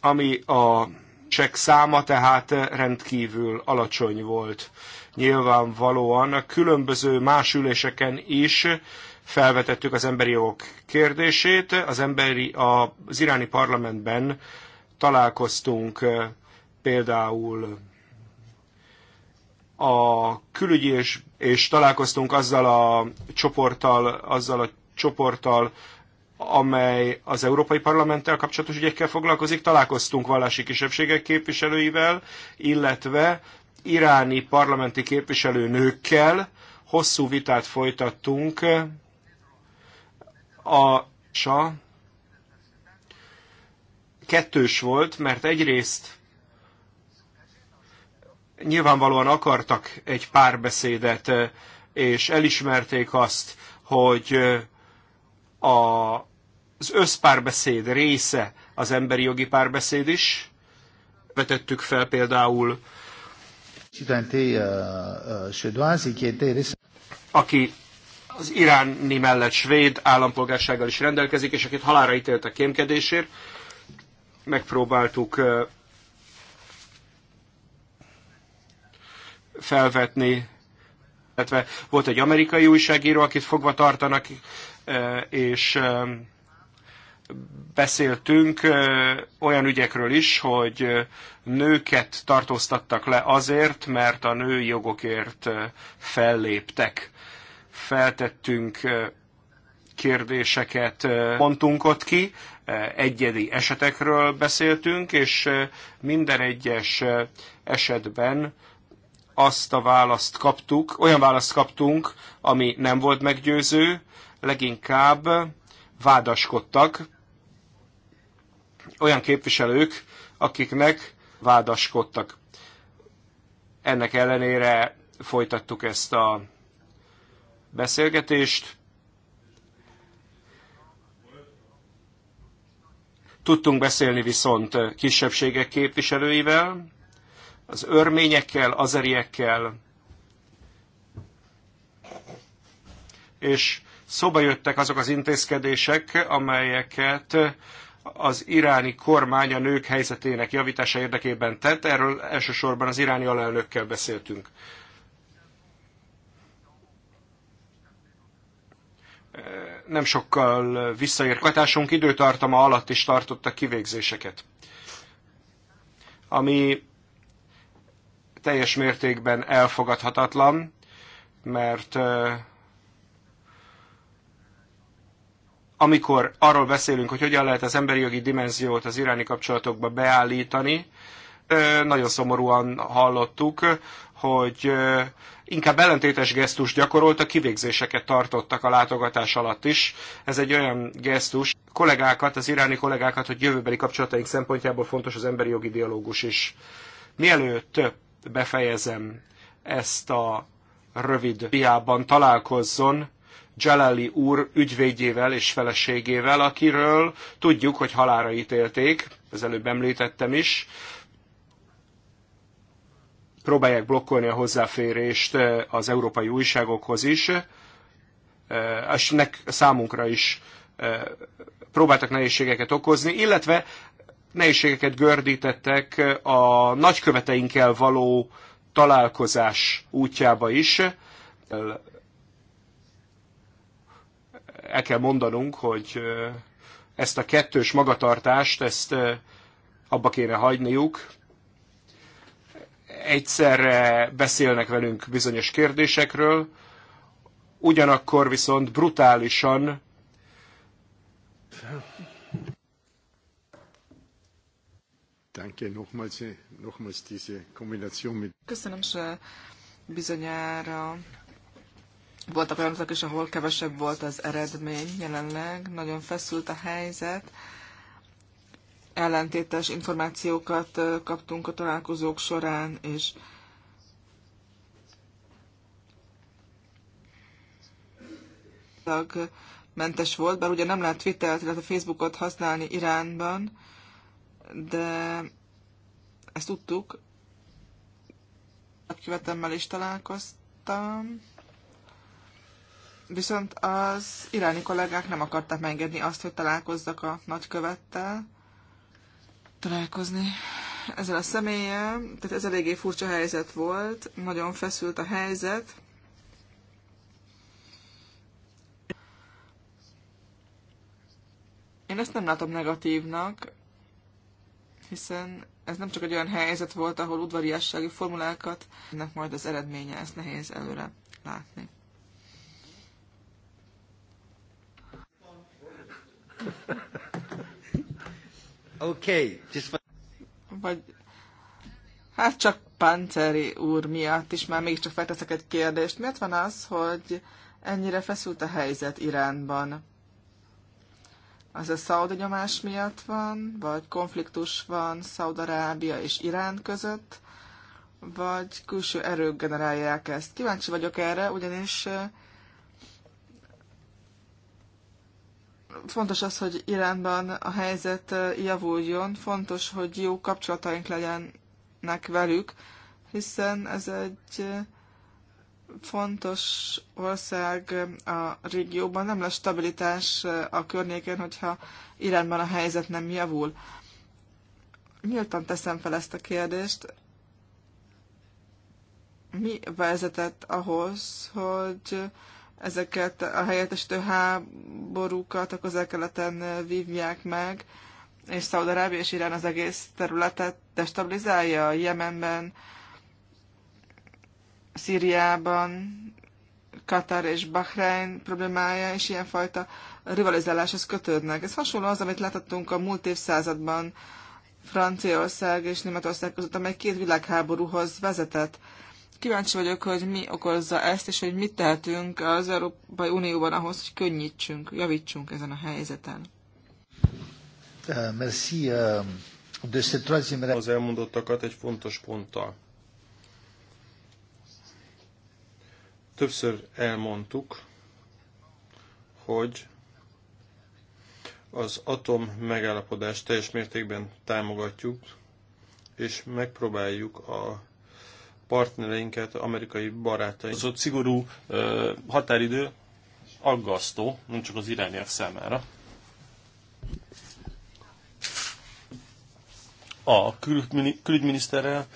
Ami a csek száma tehát rendkívül alacsony volt. Nyilvánvalóan a különböző más üléseken is felvetettük az emberi jogok kérdését. Az, emberi, az iráni parlamentben találkoztunk például a külügyi és, és találkoztunk azzal a csoporttal, azzal a csoporttal, amely az Európai Parlamenttel kapcsolatos ügyekkel foglalkozik. Találkoztunk vallási kisebbségek képviselőivel, illetve iráni parlamenti képviselőnőkkel. Hosszú vitát folytattunk a kettős volt, mert egyrészt nyilvánvalóan akartak egy párbeszédet, és elismerték azt, hogy a, az összpárbeszéd része az emberi jogi párbeszéd is. Vetettük fel például euh, euh, aki az iráni mellett svéd állampolgársággal is rendelkezik, és akit halálra ítéltek kémkedésért, megpróbáltuk felvetni, illetve volt egy amerikai újságíró, akit fogva tartanak, és beszéltünk olyan ügyekről is, hogy nőket tartóztattak le azért, mert a női jogokért felléptek. Feltettünk kérdéseket, mondtunk ott ki, Eh, egyedi esetekről beszéltünk, és eh, minden egyes eh, esetben azt a választ kaptuk, olyan választ kaptunk, ami nem volt meggyőző, leginkább vádaskodtak olyan képviselők, akiknek vádaskodtak. Ennek ellenére folytattuk ezt a beszélgetést, Tudtunk beszélni viszont eh, kisebbségek képviselőivel, az örményekkel, azeriekkel, és szóba jöttek azok az intézkedések, amelyeket az iráni kormány a nők helyzetének javítása érdekében tett. Erről elsősorban az iráni alelnökkel beszéltünk nem sokkal visszaérkatásunk időtartama alatt is tartottak kivégzéseket. Ami teljes mértékben elfogadhatatlan, mert amikor arról beszélünk, hogy hogyan lehet az emberi jogi dimenziót az iráni kapcsolatokba beállítani, nagyon szomorúan hallottuk, hogy inkább ellentétes gesztus a kivégzéseket tartottak a látogatás alatt is. Ez egy olyan gesztus, kollégákat, az iráni kollégákat, hogy jövőbeli kapcsolataink szempontjából fontos az emberi jogi dialógus is. Mielőtt befejezem ezt a rövid piában találkozzon Jalali úr ügyvédjével és feleségével, akiről tudjuk, hogy halára ítélték, az előbb említettem is próbálják blokkolni a hozzáférést eh, az európai újságokhoz is, eh, és nek számunkra is eh, próbáltak nehézségeket okozni, illetve nehézségeket gördítettek a nagyköveteinkkel való találkozás útjába is. El kell mondanunk, hogy ezt a kettős magatartást, ezt abba kéne hagyniuk, egyszerre beszélnek velünk bizonyos kérdésekről, ugyanakkor viszont brutálisan Köszönöm se bizonyára voltak olyanok is, ahol kevesebb volt az eredmény jelenleg, nagyon feszült a helyzet, ellentétes információkat kaptunk a találkozók során, és mentes volt, bár ugye nem lehet Twittert, illetve Facebookot használni Iránban, de ezt tudtuk. A kivetemmel is találkoztam. Viszont az iráni kollégák nem akarták megengedni azt, hogy találkozzak a nagykövettel találkozni ezzel a személlyel, tehát ez eléggé furcsa helyzet volt, nagyon feszült a helyzet. Én ezt nem látom negatívnak, hiszen ez nem csak egy olyan helyzet volt, ahol udvariassági formulákat, ennek majd az eredménye, ezt nehéz előre látni. Ha ha ha. Okay, just... Vagy, hát csak Panceri úr miatt is már mégiscsak felteszek egy kérdést. Miért van az, hogy ennyire feszült a helyzet Iránban? Az a szaudi nyomás miatt van, vagy konfliktus van Szaudarábia és Irán között, vagy külső erők generálják ezt. Kíváncsi vagyok erre, ugyanis fontos az, hogy Iránban a helyzet javuljon, fontos, hogy jó kapcsolataink legyenek velük, hiszen ez egy fontos ország a régióban, nem lesz stabilitás a környéken, hogyha Iránban a helyzet nem javul. Nyíltan teszem fel ezt a kérdést. Mi vezetett ahhoz, hogy ezeket a helyettesítő háborúkat a közel-keleten vívják meg, és Szaudarábia és Irán az egész területet destabilizálja Jemenben, Szíriában, Katar és Bahrein problémája, és ilyenfajta rivalizáláshoz kötődnek. Ez hasonló az, amit láthattunk a múlt évszázadban Franciaország és Németország között, amely két világháborúhoz vezetett. Kíváncsi vagyok, hogy mi okozza ezt, és hogy mit tehetünk az Európai Unióban ahhoz, hogy könnyítsünk, javítsunk ezen a helyzeten. Eh, merci eh, de Az elmondottakat egy fontos ponttal. Többször elmondtuk, hogy az atom megállapodást teljes mértékben támogatjuk, és megpróbáljuk a partnereinket, amerikai barátainkat. Az ott szigorú ö, határidő aggasztó, nem csak az irányelv számára. A külügymini, külügyminiszterrel,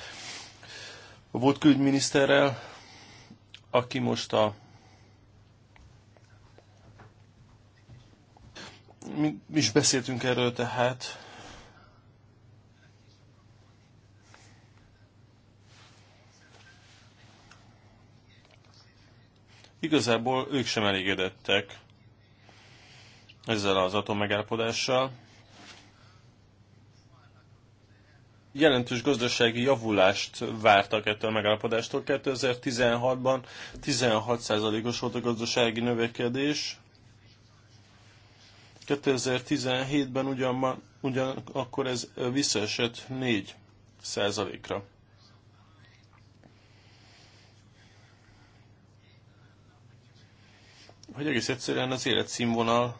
a volt külügyminiszterrel, aki most a mi is beszéltünk erről tehát, Igazából ők sem elégedettek ezzel az atommegállapodással. Jelentős gazdasági javulást vártak ettől a megállapodástól. 2016-ban 16%-os volt a gazdasági növekedés, 2017-ben ugyanakkor ugyanakkor ez visszaesett 4 ra hogy egész egyszerűen az életszínvonal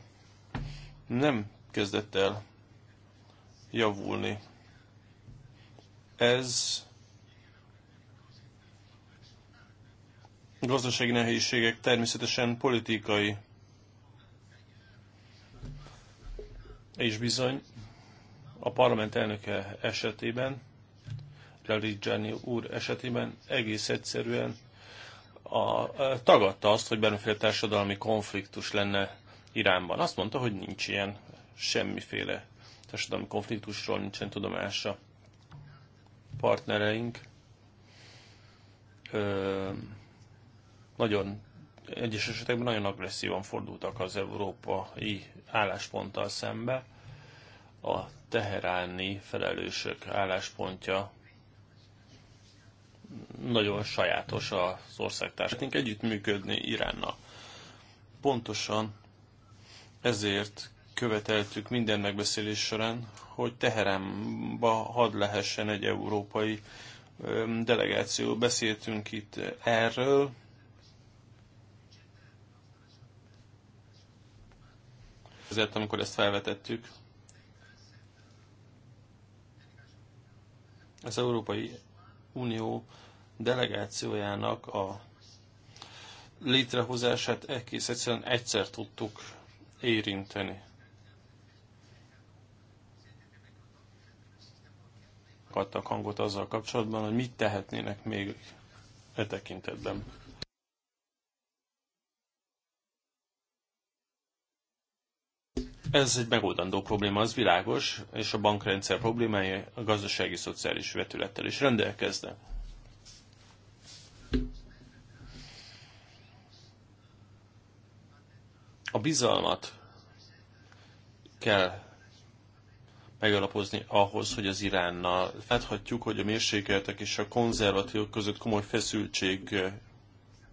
nem kezdett el javulni. Ez gazdasági nehézségek természetesen politikai és bizony a parlament elnöke esetében, Lali Gianni úr esetében egész egyszerűen a, tagadta azt, hogy bármiféle társadalmi konfliktus lenne Iránban. Azt mondta, hogy nincs ilyen semmiféle társadalmi konfliktusról, nincsen tudomása partnereink. Ö, nagyon egyes esetekben nagyon agresszívan fordultak az európai állásponttal szembe. A teheráni felelősök álláspontja nagyon sajátos az országtársaink együttműködni Iránnal. Pontosan ezért követeltük minden megbeszélés során, hogy Teheránba had lehessen egy európai delegáció. Beszéltünk itt erről. Ezért, amikor ezt felvetettük, az Európai Unió delegációjának a létrehozását egész egyszerűen egyszer tudtuk érinteni. Adtak hangot azzal kapcsolatban, hogy mit tehetnének még e tekintetben. Ez egy megoldandó probléma, az világos, és a bankrendszer problémája a gazdasági-szociális vetülettel is rendelkeznek. A bizalmat kell megalapozni ahhoz, hogy az Iránnal láthatjuk, hogy a mérsékeltek és a konzervatívok között komoly feszültség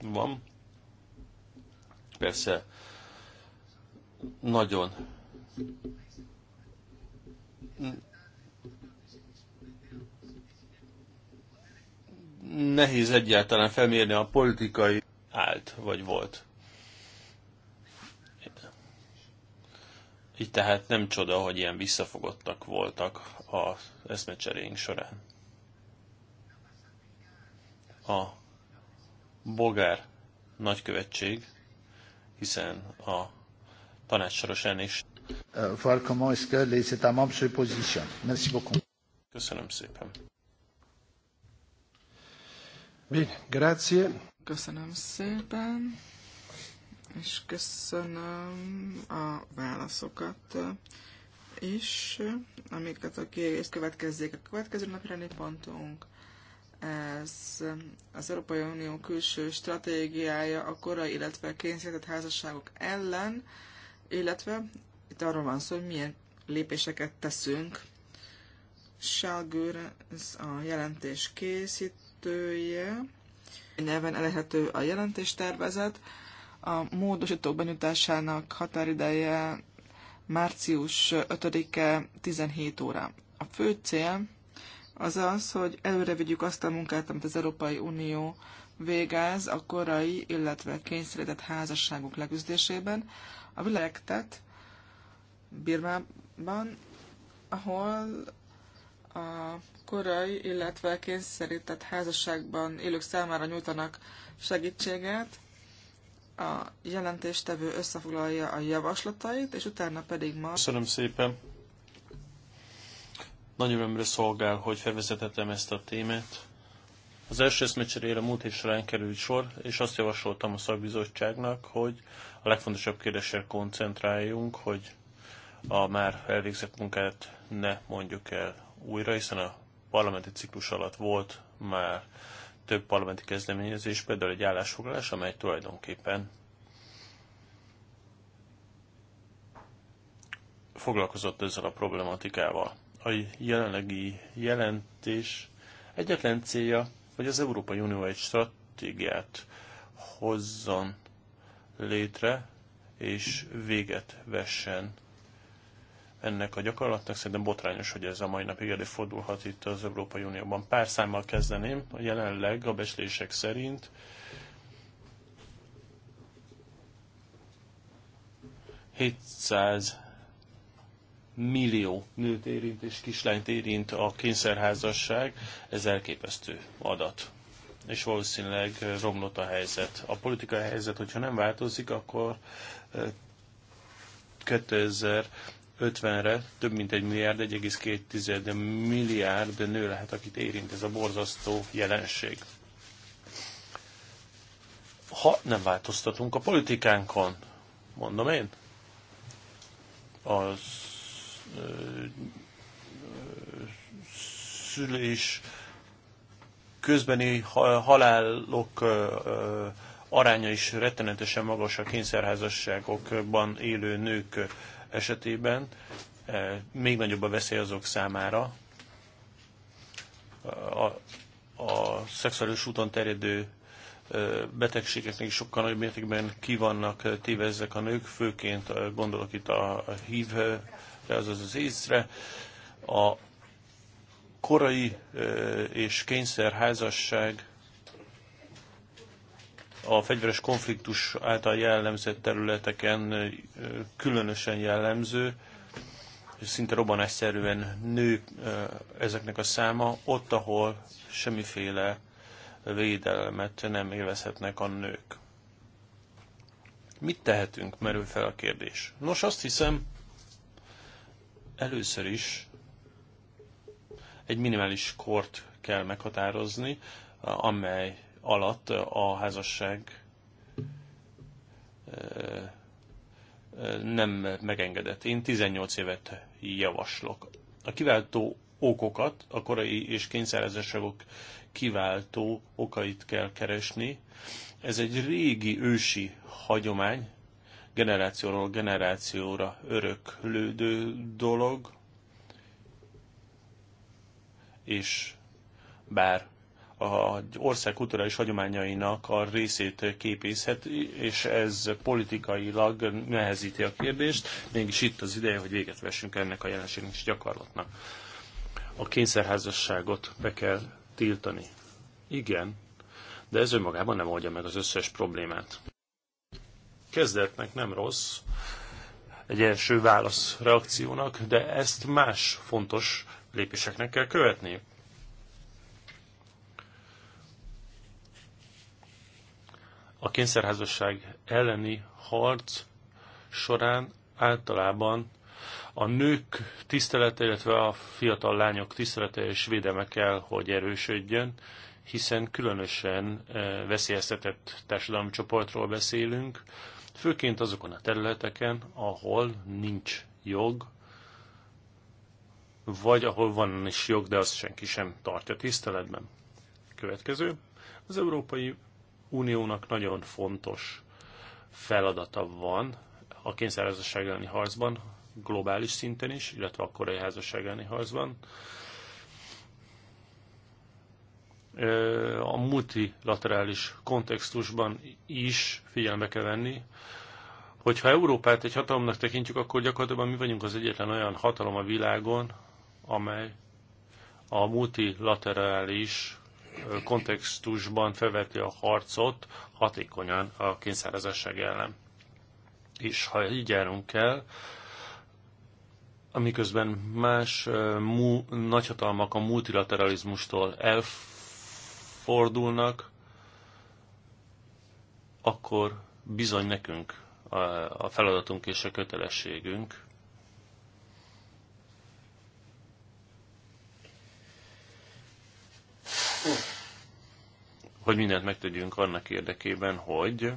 van. Persze nagyon nehéz egyáltalán felmérni a politikai állt vagy volt. Így tehát nem csoda, hogy ilyen visszafogottak voltak az eszmecseréink során. A bogár nagykövetség, hiszen a tanácsoros is. Euh, Köszönöm szépen. Bien, grazie. Köszönöm szépen és köszönöm a válaszokat is, amiket a kiegész következzék. A következő napi pontunk ez az Európai Unió külső stratégiája a korai, illetve kényszerített házasságok ellen, illetve itt arról van szó, hogy milyen lépéseket teszünk. Salgőr, ez a jelentés készítője, nyelven elérhető a jelentéstervezet, a módosítók benyújtásának határideje március 5-e 17 óra. A fő cél az az, hogy előre vigyük azt a munkát, amit az Európai Unió végez a korai, illetve kényszerített házasságok leküzdésében. A világtet Birmában, ahol a korai, illetve kényszerített házasságban élők számára nyújtanak segítséget, a jelentéstevő összefoglalja a javaslatait, és utána pedig ma... Köszönöm szépen! Nagy örömre szolgál, hogy felvezetettem ezt a témát. Az első eszmecserére múlt héten került sor, és azt javasoltam a szakbizottságnak, hogy a legfontosabb kérdésre koncentráljunk, hogy a már elvégzett munkát ne mondjuk el újra, hiszen a parlamenti ciklus alatt volt már több parlamenti kezdeményezés, például egy állásfoglalás, amely tulajdonképpen foglalkozott ezzel a problematikával. A jelenlegi jelentés egyetlen célja, hogy az Európai Unió egy stratégiát hozzon létre, és véget vessen ennek a gyakorlatnak. Szerintem botrányos, hogy ez a mai napig előfordulhat itt az Európai Unióban. Pár számmal kezdeném. Jelenleg a beslések szerint ...700 millió nőt érint és kislányt érint a kényszerházasság, ez elképesztő adat. És valószínűleg romlott a helyzet. A politikai helyzet, hogyha nem változik, akkor 2000 eh, 50-re több mint egy milliárd, 1,2 milliárd nő lehet, akit érint ez a borzasztó jelenség. Ha nem változtatunk a politikánkon, mondom én, az ö, ö, szülés közbeni halálok ö, ö, aránya is rettenetesen magas a kényszerházasságokban élő nők esetében eh, még nagyobb a veszély azok számára, a, a szexuális úton terjedő eh, betegségeknek is sokkal nagyobb mértékben kivannak eh, téve ezek a nők, főként gondolok itt a hívre, azaz az észre. A korai és kényszerházasság a fegyveres konfliktus által jellemzett területeken különösen jellemző, szinte robbanásszerűen nő ezeknek a száma, ott, ahol semmiféle védelmet nem élvezhetnek a nők. Mit tehetünk, merül fel a kérdés. Nos, azt hiszem, először is egy minimális kort kell meghatározni, amely alatt a házasság nem megengedett. Én 18 évet javaslok. A kiváltó okokat, a korai és kényszerezőságok kiváltó okait kell keresni. Ez egy régi ősi hagyomány, generációról generációra öröklődő dolog, és bár a ország kulturális hagyományainak a részét képészhet, és ez politikailag nehezíti a kérdést. Mégis itt az ideje, hogy véget vessünk ennek a jelenségnek és gyakorlatnak. A kényszerházasságot be kell tiltani. Igen, de ez önmagában nem oldja meg az összes problémát. Kezdetnek nem rossz, egy első válasz reakciónak, de ezt más fontos lépéseknek kell követni. A kényszerházasság elleni harc során általában a nők tisztelete, illetve a fiatal lányok tisztelete és védelme kell, hogy erősödjön, hiszen különösen e, veszélyeztetett társadalmi csoportról beszélünk, főként azokon a területeken, ahol nincs jog, vagy ahol van is jog, de azt senki sem tartja tiszteletben. Következő. Az Európai Uniónak nagyon fontos feladata van a kényszerházasság elleni harcban, globális szinten is, illetve a korai házasság elleni harcban. A multilaterális kontextusban is figyelme kell venni, hogyha Európát egy hatalomnak tekintjük, akkor gyakorlatilag mi vagyunk az egyetlen olyan hatalom a világon, amely a multilaterális kontextusban felveti a harcot hatékonyan a kényszerezesség ellen. És ha így járunk el, amiközben más mú, nagyhatalmak a multilateralizmustól elfordulnak, akkor bizony nekünk a feladatunk és a kötelességünk hogy mindent megtegyünk annak érdekében, hogy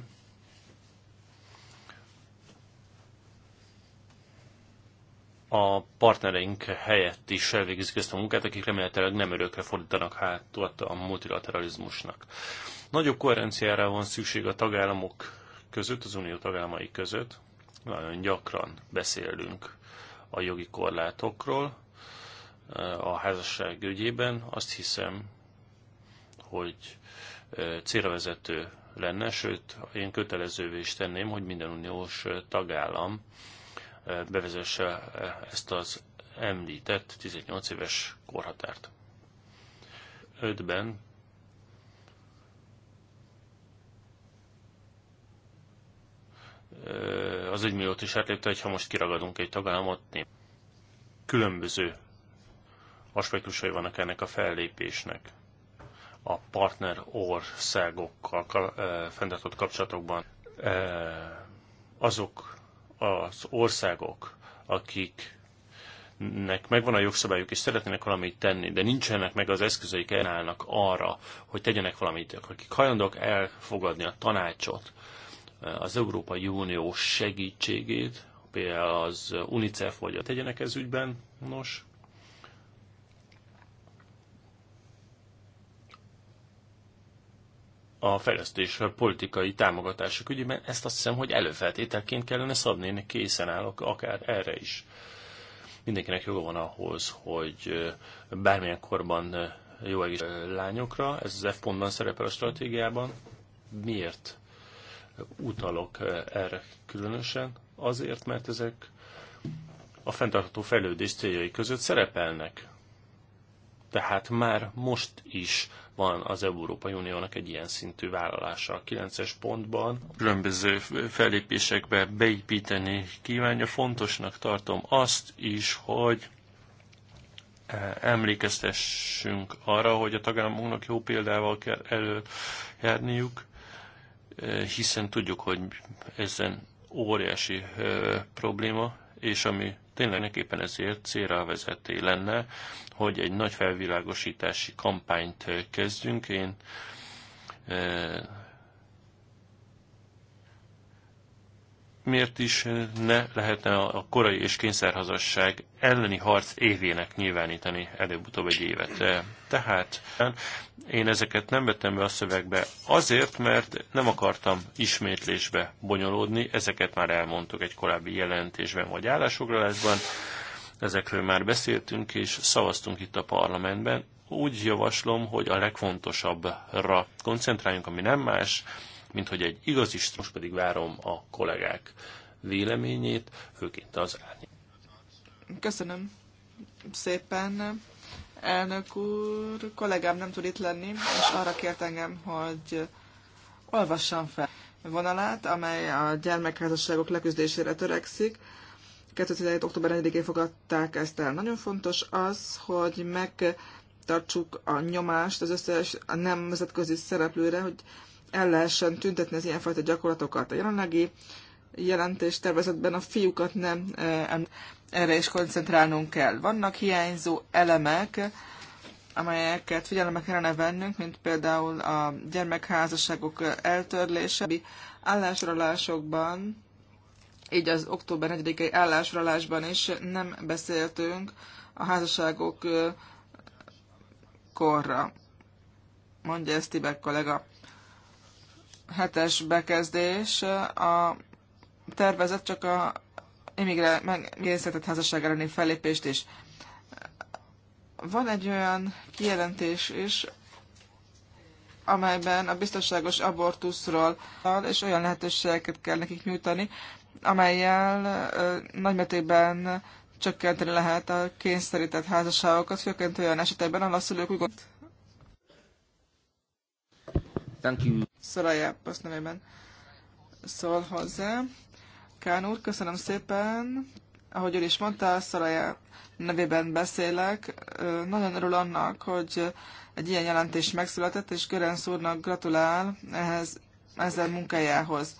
a partnereink helyett is elvégzik ezt a munkát, akik remélhetőleg nem örökre fordítanak hátulat a multilateralizmusnak. Nagyobb koherenciára van szükség a tagállamok között, az unió tagállamai között. Nagyon gyakran beszélünk a jogi korlátokról eh, a házasság ügyében. Azt hiszem, hogy célvezető lenne, sőt, én kötelezővé is tenném, hogy minden uniós tagállam bevezesse ezt az említett 18 éves korhatárt. 5-ben az egy milliót is átlépte, hogy ha most kiragadunk egy tagállamot, különböző aspektusai vannak ennek a fellépésnek a partner országokkal fenntartott kapcsolatokban azok az országok, akiknek megvan a jogszabályuk, és szeretnének valamit tenni, de nincsenek meg az eszközeik, elnálnak arra, hogy tegyenek valamit, akik hajlandók elfogadni a tanácsot, az Európai Unió segítségét, például az UNICEF vagy a tegyenek ez ügyben, nos, a fejlesztés a politikai támogatások ügyében, ezt azt hiszem, hogy előfeltételként kellene szabni, én készen állok akár erre is. Mindenkinek joga van ahhoz, hogy bármilyen korban jó egész lányokra, ez az F pontban szerepel a stratégiában. Miért utalok erre különösen? Azért, mert ezek a fenntartható fejlődés céljai között szerepelnek. Tehát már most is van az Európai Uniónak egy ilyen szintű vállalása a 9-es pontban. Különböző fellépésekbe beépíteni kívánja. Fontosnak tartom azt is, hogy e, emlékeztessünk arra, hogy a tagállamoknak jó példával kell előjárniuk, e, hiszen tudjuk, hogy ezen óriási e, probléma, és ami Tényleg éppen ezért célra vezeté lenne, hogy egy nagy felvilágosítási kampányt kezdjünk. Én eh, miért is ne lehetne a korai és kényszerhazasság elleni harc évének nyilvánítani előbb-utóbb egy évet. Tehát én ezeket nem vettem be a szövegbe azért, mert nem akartam ismétlésbe bonyolódni, ezeket már elmondtuk egy korábbi jelentésben vagy állásfoglalásban, ezekről már beszéltünk és szavaztunk itt a parlamentben. Úgy javaslom, hogy a legfontosabbra koncentráljunk, ami nem más, mint hogy egy igazi most pedig várom a kollégák véleményét, főként az állni. Köszönöm szépen, elnök úr. Kollégám nem tud itt lenni, és arra kért engem, hogy olvassam fel vonalát, amely a gyermekházasságok leküzdésére törekszik. 2017. október 1-én fogadták ezt el. Nagyon fontos az, hogy megtartsuk a nyomást az összes a nemzetközi szereplőre, hogy el lehessen tüntetni az ilyenfajta gyakorlatokat. A jelenlegi tervezetben a fiúkat nem e, erre is koncentrálnunk kell. Vannak hiányzó elemek, amelyeket figyelembe kellene vennünk, mint például a gyermekházasságok eltörlése, állásralásokban, így az október 4-i állásralásban is nem beszéltünk a házasságok e, korra, mondja ezt Tibek kollega hetes bekezdés a tervezet csak a immigrá- megérzhetett házasság elleni fellépést is. Van egy olyan kijelentés is, amelyben a biztonságos abortuszról és olyan lehetőségeket kell nekik nyújtani, amelyel nagymértékben csökkenteni lehet a kényszerített házasságokat, főként olyan esetekben, ahol a szülők úgy gond... Thank you, Szaraja Paszt nevében szól hozzá. Kán úr, köszönöm szépen. Ahogy ő is mondta, Szaraja nevében beszélek. Nagyon örül annak, hogy egy ilyen jelentés megszületett, és Görenc úrnak gratulál ehhez, ezzel munkájához.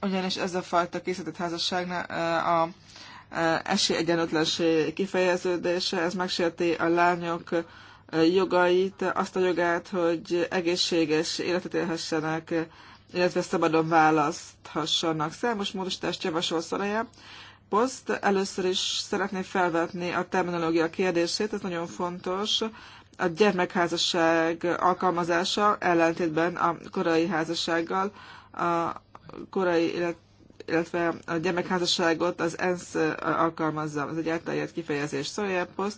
Ugyanis ez a fajta készített házasság a esélyegyenlőtlenség kifejeződése, ez megsérti a lányok jogait, azt a jogát, hogy egészséges életet élhessenek, illetve szabadon választhassanak. Számos módosítást javasol Szoraja. Poszt először is szeretném felvetni a terminológia kérdését, ez nagyon fontos. A gyermekházasság alkalmazása ellentétben a korai házassággal, a korai, illetve illetve a gyermekházasságot az ENSZ alkalmazza. Ez egy elterjedt kifejezés. Szóval poszt.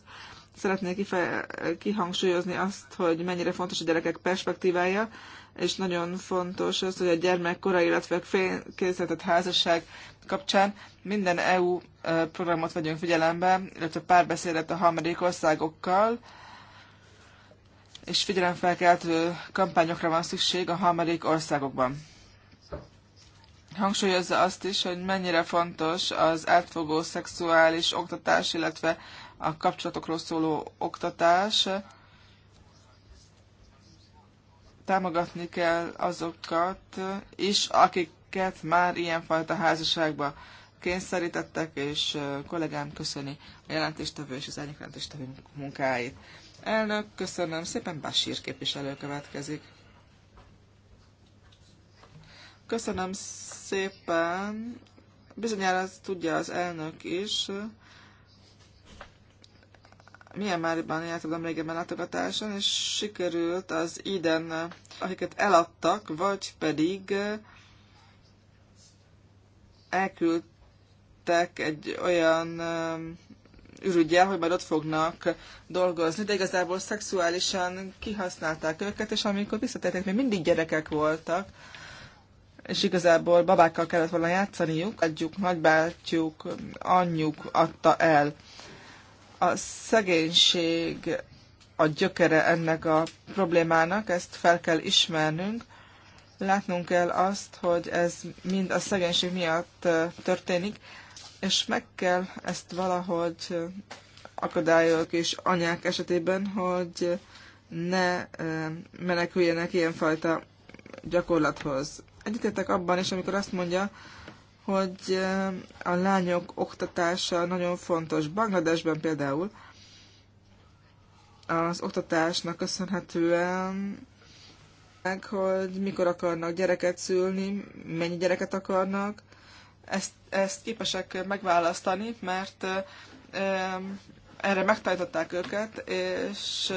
Szeretnék kife- kihangsúlyozni azt, hogy mennyire fontos a gyerekek perspektívája, és nagyon fontos az, hogy a gyermekkora, illetve kényszerített házasság kapcsán minden EU programot vegyünk figyelembe, illetve párbeszédet a harmadik országokkal, és figyelemfelkeltő kampányokra van szükség a harmadik országokban hangsúlyozza azt is, hogy mennyire fontos az átfogó szexuális oktatás, illetve a kapcsolatokról szóló oktatás. Támogatni kell azokat is, akiket már ilyenfajta házasságba kényszerítettek, és kollégám köszöni a jelentéstevő és az egyik jelentéstevő munkáit. Elnök, köszönöm szépen, Basír képviselő következik. Köszönöm szépen. Bizonyára ezt tudja az elnök is. Milyen Máriban jártam régebben látogatáson, és sikerült az Iden, akiket eladtak, vagy pedig elküldtek egy olyan um, ürügyel, hogy majd ott fognak dolgozni, de igazából szexuálisan kihasználták őket, és amikor visszatértek, még mindig gyerekek voltak, és igazából babákkal kellett volna játszaniuk, adjuk, nagybátyjuk, anyjuk adta el. A szegénység a gyökere ennek a problémának, ezt fel kell ismernünk, látnunk kell azt, hogy ez mind a szegénység miatt történik, és meg kell ezt valahogy akadályok és anyák esetében, hogy ne meneküljenek ilyenfajta gyakorlathoz egyetértek abban is, amikor azt mondja, hogy eh, a lányok oktatása nagyon fontos. Bangladesben például az oktatásnak köszönhetően meg, hogy mikor akarnak gyereket szülni, mennyi gyereket akarnak. Ezt, ezt képesek megválasztani, mert eh, eh, erre megtanították őket, és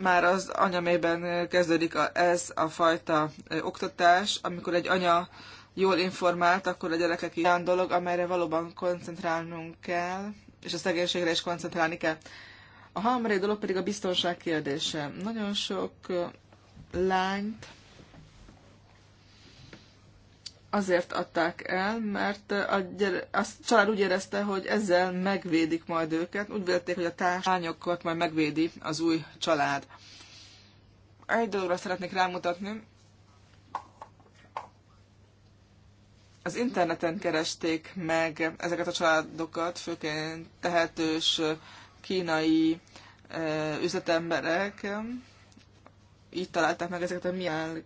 már az anyamében kezdődik a, ez a fajta oktatás, amikor egy anya jól informált, akkor a gyerekek ilyen dolog, amelyre valóban koncentrálnunk kell, és a szegénységre is koncentrálni kell. A harmadik dolog pedig a biztonság kérdése. Nagyon sok lányt azért adták el, mert a, gyere, a család úgy érezte, hogy ezzel megvédik majd őket. Úgy vélték, hogy a társányokat majd megvédi az új család. Egy dologra szeretnék rámutatni. Az interneten keresték meg ezeket a családokat, főként tehetős kínai eh, üzletemberek. Így találták meg ezeket a miál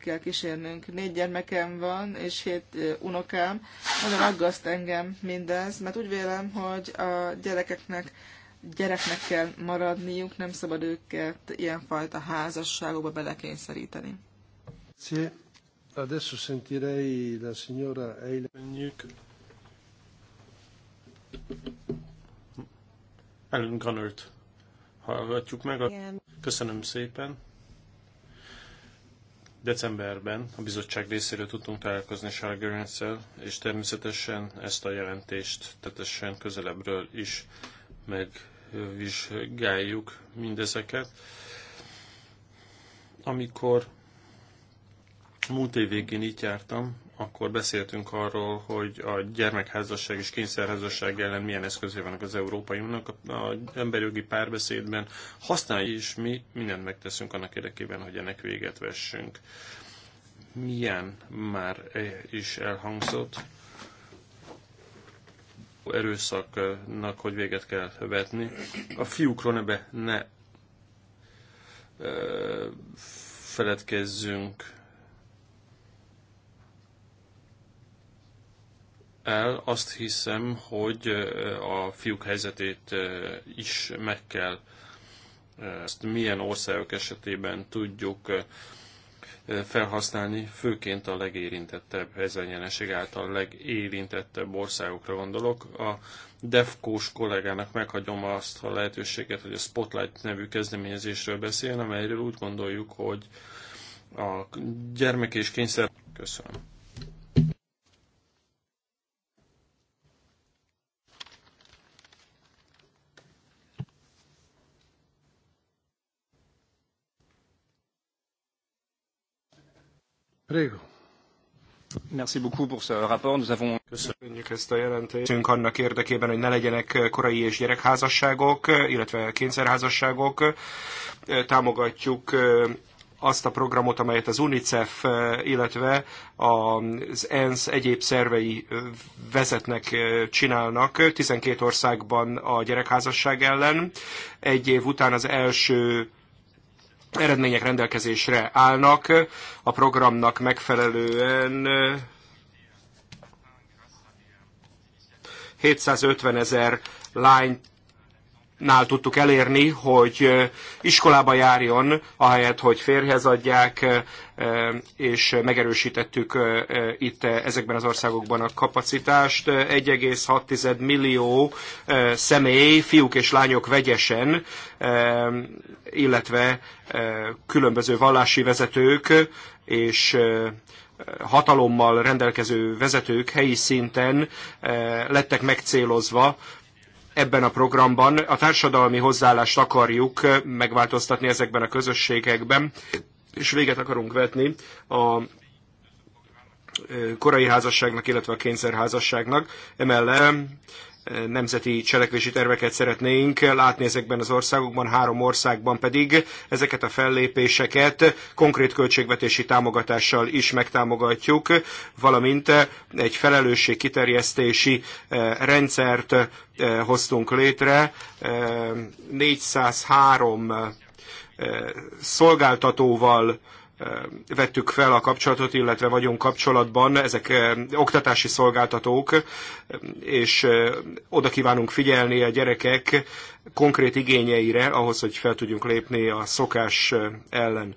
kell kísérnünk. Négy gyermekem van, és hét unokám. Nagyon aggaszt engem mindez, mert úgy vélem, hogy a gyerekeknek gyereknek kell maradniuk, nem szabad őket ilyenfajta házasságokba belekényszeríteni. Grazie. Adesso sentirei la signora Eilenyük. Ellen Gunnert hallgatjuk meg. Köszönöm szépen. Decemberben a bizottság részéről tudtunk találkozni Charles és természetesen ezt a jelentést tetesen közelebbről is megvizsgáljuk mindezeket. Amikor Múlt év végén itt jártam, akkor beszéltünk arról, hogy a gyermekházasság és kényszerházasság ellen milyen eszközé vannak az Európai Uniónak. Az emberjogi párbeszédben használjuk, és mi mindent megteszünk annak érdekében, hogy ennek véget vessünk. Milyen már e is elhangzott, erőszaknak, hogy véget kell vetni. A fiúkról be, ne feledkezzünk el, azt hiszem, hogy a fiúk helyzetét is meg kell, ezt milyen országok esetében tudjuk felhasználni, főként a legérintettebb ezenjelenség által legérintettebb országokra gondolok. A DEFKÓS kollégának meghagyom azt a lehetőséget, hogy a Spotlight nevű kezdeményezésről beszéljen, amelyről úgy gondoljuk, hogy a gyermek és kényszer... Köszönöm. Köszönjük ezt a jelentést. Annak érdekében, hogy ne legyenek korai és gyerekházasságok, illetve kényszerházasságok. Támogatjuk eh, azt a programot, amelyet az UNICEF, eh, illetve az ENSZ egyéb szervei eh, vezetnek, csinálnak 12 országban a gyerekházasság ellen. Egy év után az első eredmények rendelkezésre állnak a programnak megfelelően 750 ezer lányt nál tudtuk elérni, hogy iskolába járjon, ahelyett, hogy férhez adják, és megerősítettük itt ezekben az országokban a kapacitást. 1,6 millió személy, fiúk és lányok vegyesen, illetve különböző vallási vezetők és hatalommal rendelkező vezetők helyi szinten lettek megcélozva ebben a programban. A társadalmi hozzáállást akarjuk megváltoztatni ezekben a közösségekben, és véget akarunk vetni a korai házasságnak, illetve a kényszerházasságnak. Emellett nemzeti cselekvési terveket szeretnénk látni ezekben az országokban, három országban pedig ezeket a fellépéseket konkrét költségvetési támogatással is megtámogatjuk, valamint egy felelősség kiterjesztési eh, rendszert eh, hoztunk létre. 403 eh, szolgáltatóval vettük fel a kapcsolatot, illetve vagyunk kapcsolatban, ezek oktatási szolgáltatók, és oda kívánunk figyelni a gyerekek konkrét igényeire, ahhoz, hogy fel tudjunk lépni a szokás ellen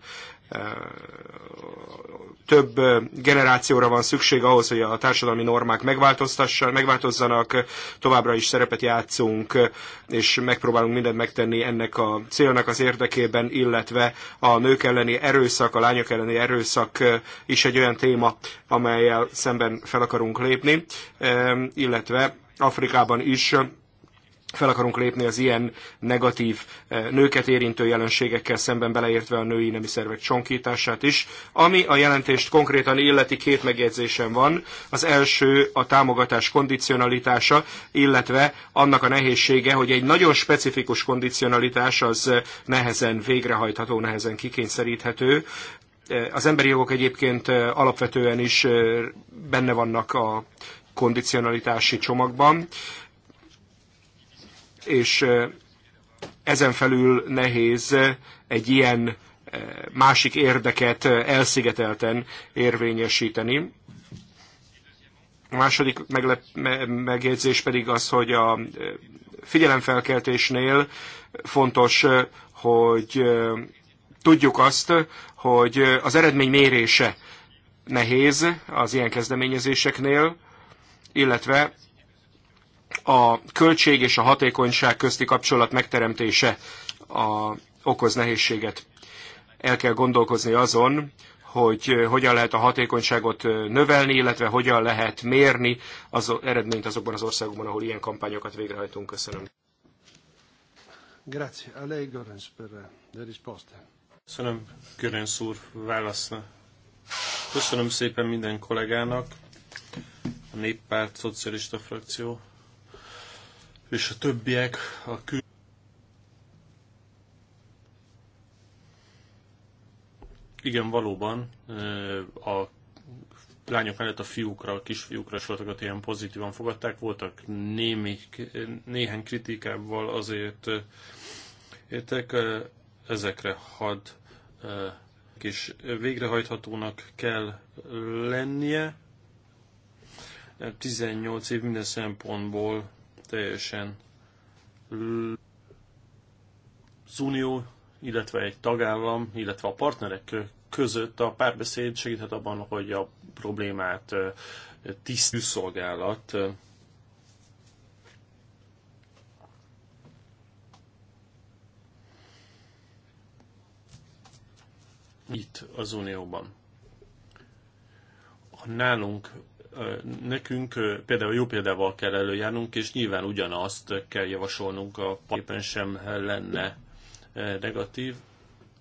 több generációra van szükség ahhoz, hogy a társadalmi normák megváltozzanak, továbbra is szerepet játszunk, és megpróbálunk mindent megtenni ennek a célnak az érdekében, illetve a nők elleni erőszak, a lányok elleni erőszak is egy olyan téma, amelyel szemben fel akarunk lépni, illetve Afrikában is fel akarunk lépni az ilyen negatív eh, nőket érintő jelenségekkel szemben beleértve a női nemi szervek csonkítását is. Ami a jelentést konkrétan illeti, két megjegyzésem van. Az első a támogatás kondicionalitása, illetve annak a nehézsége, hogy egy nagyon specifikus kondicionalitás az eh, nehezen végrehajtható, nehezen kikényszeríthető. Eh, az emberi jogok egyébként alapvetően is benne vannak a kondicionalitási csomagban és ezen felül nehéz egy ilyen másik érdeket elszigetelten érvényesíteni. A második meglep, megjegyzés pedig az, hogy a figyelemfelkeltésnél fontos, hogy tudjuk azt, hogy az eredmény mérése nehéz az ilyen kezdeményezéseknél, illetve a költség és a hatékonyság közti kapcsolat megteremtése a, okoz nehézséget. El kell gondolkozni azon, hogy eh, hogyan lehet a hatékonyságot eh, növelni, illetve hogyan lehet mérni az eredményt azokban az országokban, ahol ilyen kampányokat végrehajtunk. Köszönöm. Grazie. A lei, Görens, per le risposte. Köszönöm, Görens úr, válaszna. Köszönöm szépen minden kollégának, a néppárt, szocialista frakció és a többiek a kül... Igen, valóban a lányok mellett a fiúkra, a kisfiúkra is voltak, ilyen pozitívan fogadták, voltak némi, néhány kritikával azért értek, ezekre had és végrehajthatónak kell lennie. 18 év minden szempontból teljesen az unió, illetve egy tagállam, illetve a partnerek között a párbeszéd segíthet abban, hogy a problémát tisztű szolgálat itt az Unióban. ha nálunk nekünk például jó példával kell előjárnunk, és nyilván ugyanazt kell javasolnunk, a éppen sem lenne negatív.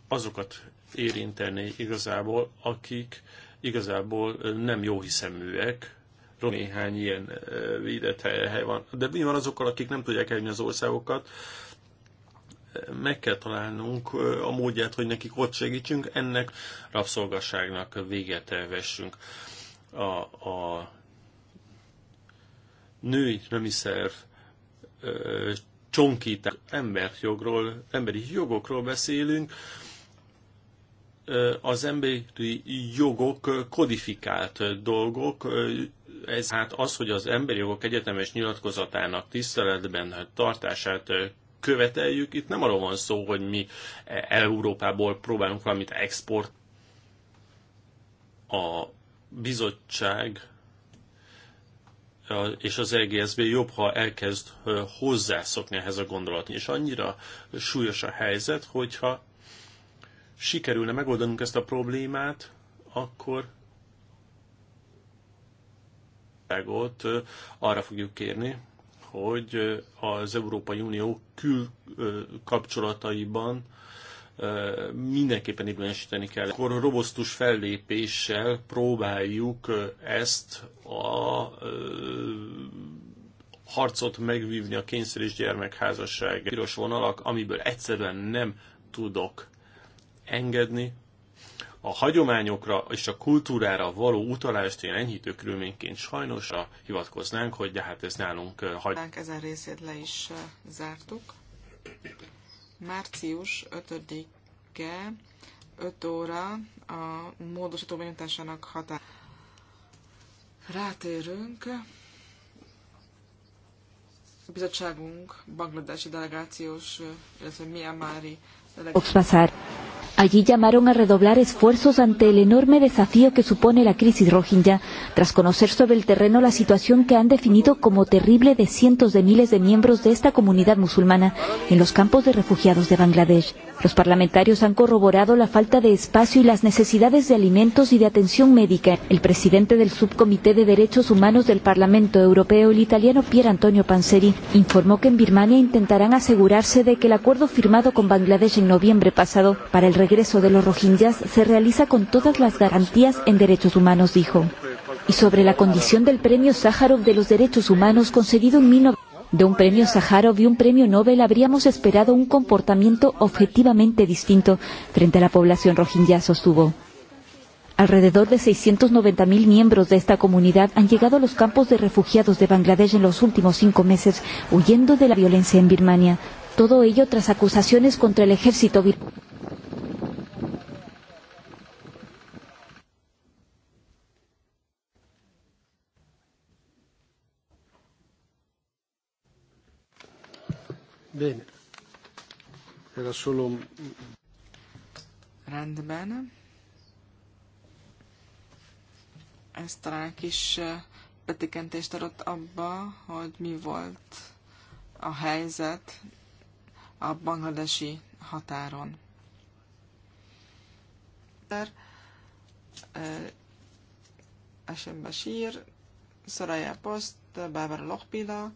Azokat érinteni igazából, akik igazából nem jó hiszeműek, néhány ilyen védett hely, hely van. De mi van azokkal, akik nem tudják elni az országokat? Meg kell találnunk a módját, hogy nekik ott segítsünk, ennek rabszolgasságnak véget vessünk a, a női nemi szerv csonkítás, emberjogról, emberi jogokról beszélünk, az emberi jogok kodifikált dolgok, ez hát az, hogy az emberi jogok egyetemes nyilatkozatának tiszteletben tartását követeljük. Itt nem arról van szó, hogy mi Európából próbálunk valamit export a bizottság és az EGSB jobb, ha elkezd hozzászokni ehhez a gondolatni. És annyira súlyos a helyzet, hogyha sikerülne megoldanunk ezt a problémát, akkor ott arra fogjuk kérni, hogy az Európai Unió kül kapcsolataiban mindenképpen implementálni kell. Akkor robosztus fellépéssel próbáljuk ezt a harcot megvívni a kényszer és gyermekházasság piros vonalak, amiből egyszerűen nem tudok engedni. A hagyományokra és a kultúrára való utalást én enyhítő körülményként sajnos hivatkoznánk, hogy de hát ez nálunk hagy. Ezen részét le is zártuk március 5-e 5 óra a módosító benyújtásának határ. Rátérünk. A bizottságunk bangladesi delegációs, illetve Myanmari delegációs. Allí llamaron a redoblar esfuerzos ante el enorme desafío que supone la crisis rohingya, tras conocer sobre el terreno la situación que han definido como terrible de cientos de miles de miembros de esta comunidad musulmana en los campos de refugiados de Bangladesh. Los parlamentarios han corroborado la falta de espacio y las necesidades de alimentos y de atención médica. El presidente del Subcomité de Derechos Humanos del Parlamento Europeo, el italiano Pier Antonio Panzeri, informó que en Birmania intentarán asegurarse de que el acuerdo firmado con Bangladesh en noviembre pasado para el regreso regreso de los rohingyas se realiza con todas las garantías en derechos humanos, dijo. Y sobre la condición del premio Sájarov de los derechos humanos concedido en 19... De un premio Sájarov y un premio Nobel habríamos esperado un comportamiento objetivamente distinto frente a la población rohingya, sostuvo. Alrededor de 690.000 miembros de esta comunidad han llegado a los campos de refugiados de Bangladesh en los últimos cinco meses, huyendo de la violencia en Birmania. Todo ello tras acusaciones contra el ejército birmano. Bene. Era solo... Rendben. Ez talán egy kis betekentést adott abba, hogy mi volt a helyzet a bangladesi határon. Esem sír, Szaraja Post, Bárbara Lochpila,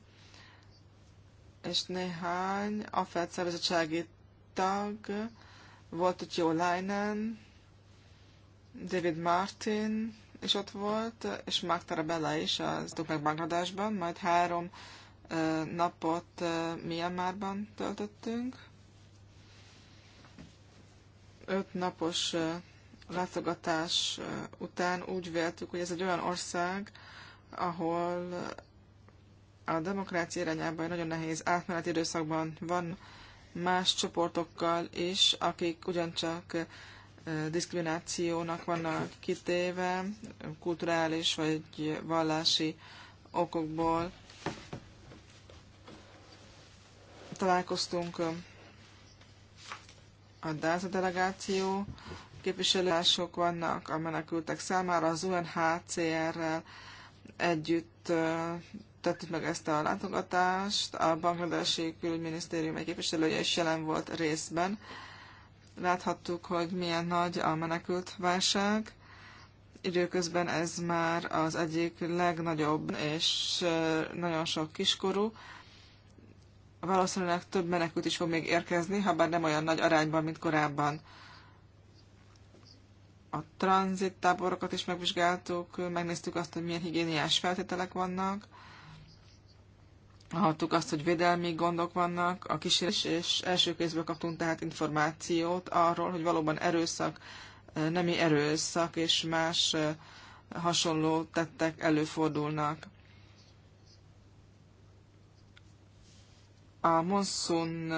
és néhány AFED szervezettsági tag, volt ott Jó Leinen, David Martin is ott volt, és Mark Tarabella is, az meg Bangladesban, majd három napot Myanmarban töltöttünk. Öt napos látogatás után úgy véltük, hogy ez egy olyan ország, ahol a demokrácia irányába egy nagyon nehéz átmeneti időszakban van más csoportokkal is, akik ugyancsak diszkriminációnak vannak kitéve, kulturális vagy vallási okokból. Találkoztunk a DASA delegáció képviselőások vannak a menekültek számára, az UNHCR-rel együtt tettük meg ezt a látogatást, a Bangladesi külügyminisztérium egy képviselője is jelen volt részben. Láthattuk, hogy milyen nagy a menekült válság. Időközben ez már az egyik legnagyobb, és nagyon sok kiskorú. Valószínűleg több menekült is fog még érkezni, ha bár nem olyan nagy arányban, mint korábban a tranzit táborokat is megvizsgáltuk, megnéztük azt, hogy milyen higiéniás feltételek vannak, hallottuk azt, hogy védelmi gondok vannak a kísérés, és első kézből kaptunk tehát információt arról, hogy valóban erőszak, nemi erőszak és más hasonló tettek előfordulnak. A monszun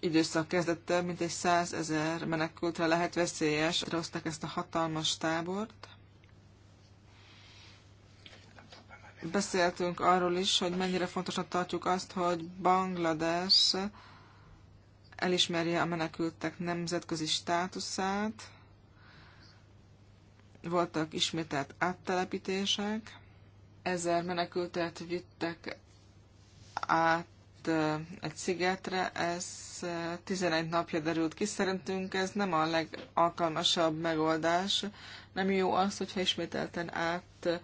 időszak kezdette, mint egy százezer menekültre lehet veszélyes. Rehozták ezt a hatalmas tábort. Beszéltünk arról is, hogy mennyire fontosnak tartjuk azt, hogy Banglades elismerje a menekültek nemzetközi státuszát. Voltak ismételt áttelepítések. Ezer menekültet vittek át egy szigetre, ez 11 napja derült ki. Szerintünk ez nem a legalkalmasabb megoldás. Nem jó az, hogyha ismételten át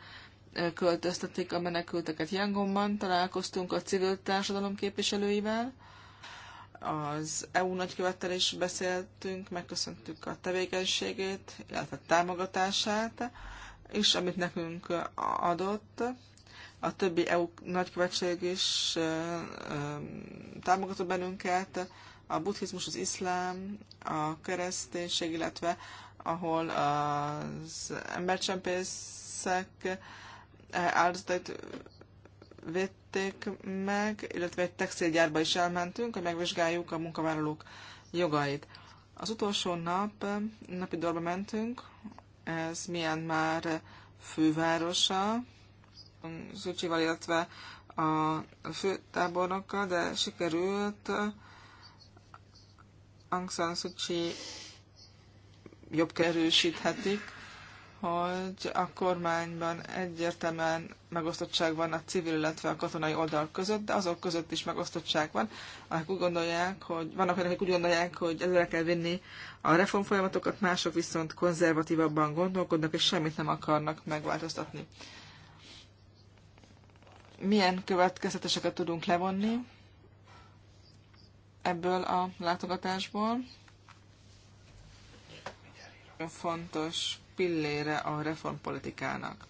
költöztetik a menekülteket Yangonban. Találkoztunk a civil társadalom képviselőivel, az EU nagykövettel is beszéltünk, megköszöntük a tevékenységét, illetve a támogatását, és amit nekünk adott. A többi EU nagykövetség is támogatott bennünket, a buddhizmus, az iszlám, a kereszténység, illetve ahol az embercsempészek áldozatait vették meg, illetve egy textilgyárba is elmentünk, hogy megvizsgáljuk a munkavállalók jogait. Az utolsó nap napi dorba mentünk, ez milyen már fővárosa, Szucsival, illetve a főtábornokkal, de sikerült Aung San Suu Kyi jobb erősíthetik hogy a kormányban egyértelműen megosztottság van a civil, illetve a katonai oldal között, de azok között is megosztottság van, akik úgy gondolják, hogy vannak olyanok, akik úgy gondolják, hogy előre kell vinni a reformfolyamatokat, mások viszont konzervatívabban gondolkodnak, és semmit nem akarnak megváltoztatni. Milyen következeteseket tudunk levonni ebből a látogatásból? Fontos pillére a reformpolitikának.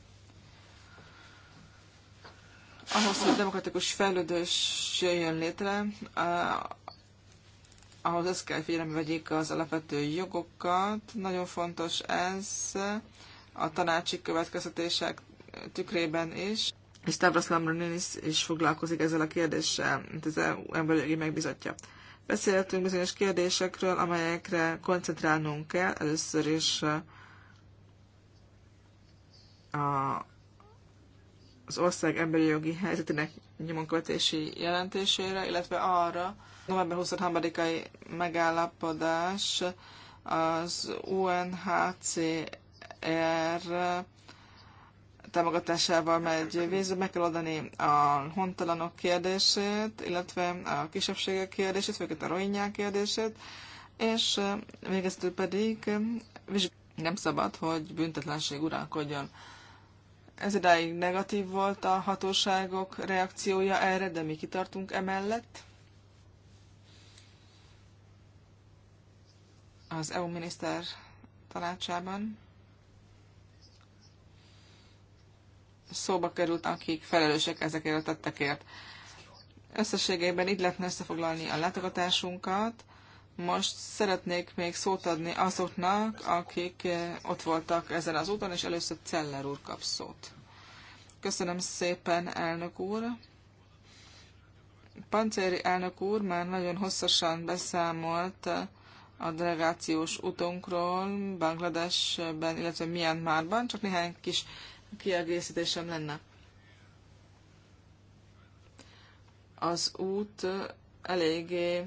Ahhoz, hogy demokratikus fejlődés jöjjön létre, ahhoz ezt kell figyelembe vegyék az alapvető jogokat. Nagyon fontos ez a tanácsi következtetések tükrében is. És Stavros Lambronis is foglalkozik ezzel a kérdéssel, mint az e emberi megbizatja. Beszéltünk bizonyos kérdésekről, amelyekre koncentrálnunk kell. Először is a, az ország emberi jogi helyzetének nyomonkövetési jelentésére, illetve arra, november 23-ai megállapodás az UNHCR támogatásával megy vízbe, meg kell oldani a hontalanok kérdését, illetve a kisebbségek kérdését, főként a rohinyák kérdését, és végezetül pedig nem szabad, hogy büntetlenség uralkodjon. Ez idáig negatív volt a hatóságok reakciója erre, de mi kitartunk emellett. Az EU miniszter tanácsában szóba került, akik felelősek ezekért a tettekért. Összességében így lehetne összefoglalni a látogatásunkat, most szeretnék még szót adni azoknak, akik eh, ott voltak ezen az úton, és először Celler úr kap szót. Köszönöm szépen, elnök úr! Pancéri elnök úr már nagyon hosszasan beszámolt a delegációs utunkról Bangladesben, illetve Myanmarban, csak néhány kis kiegészítésem lenne. Az út eléggé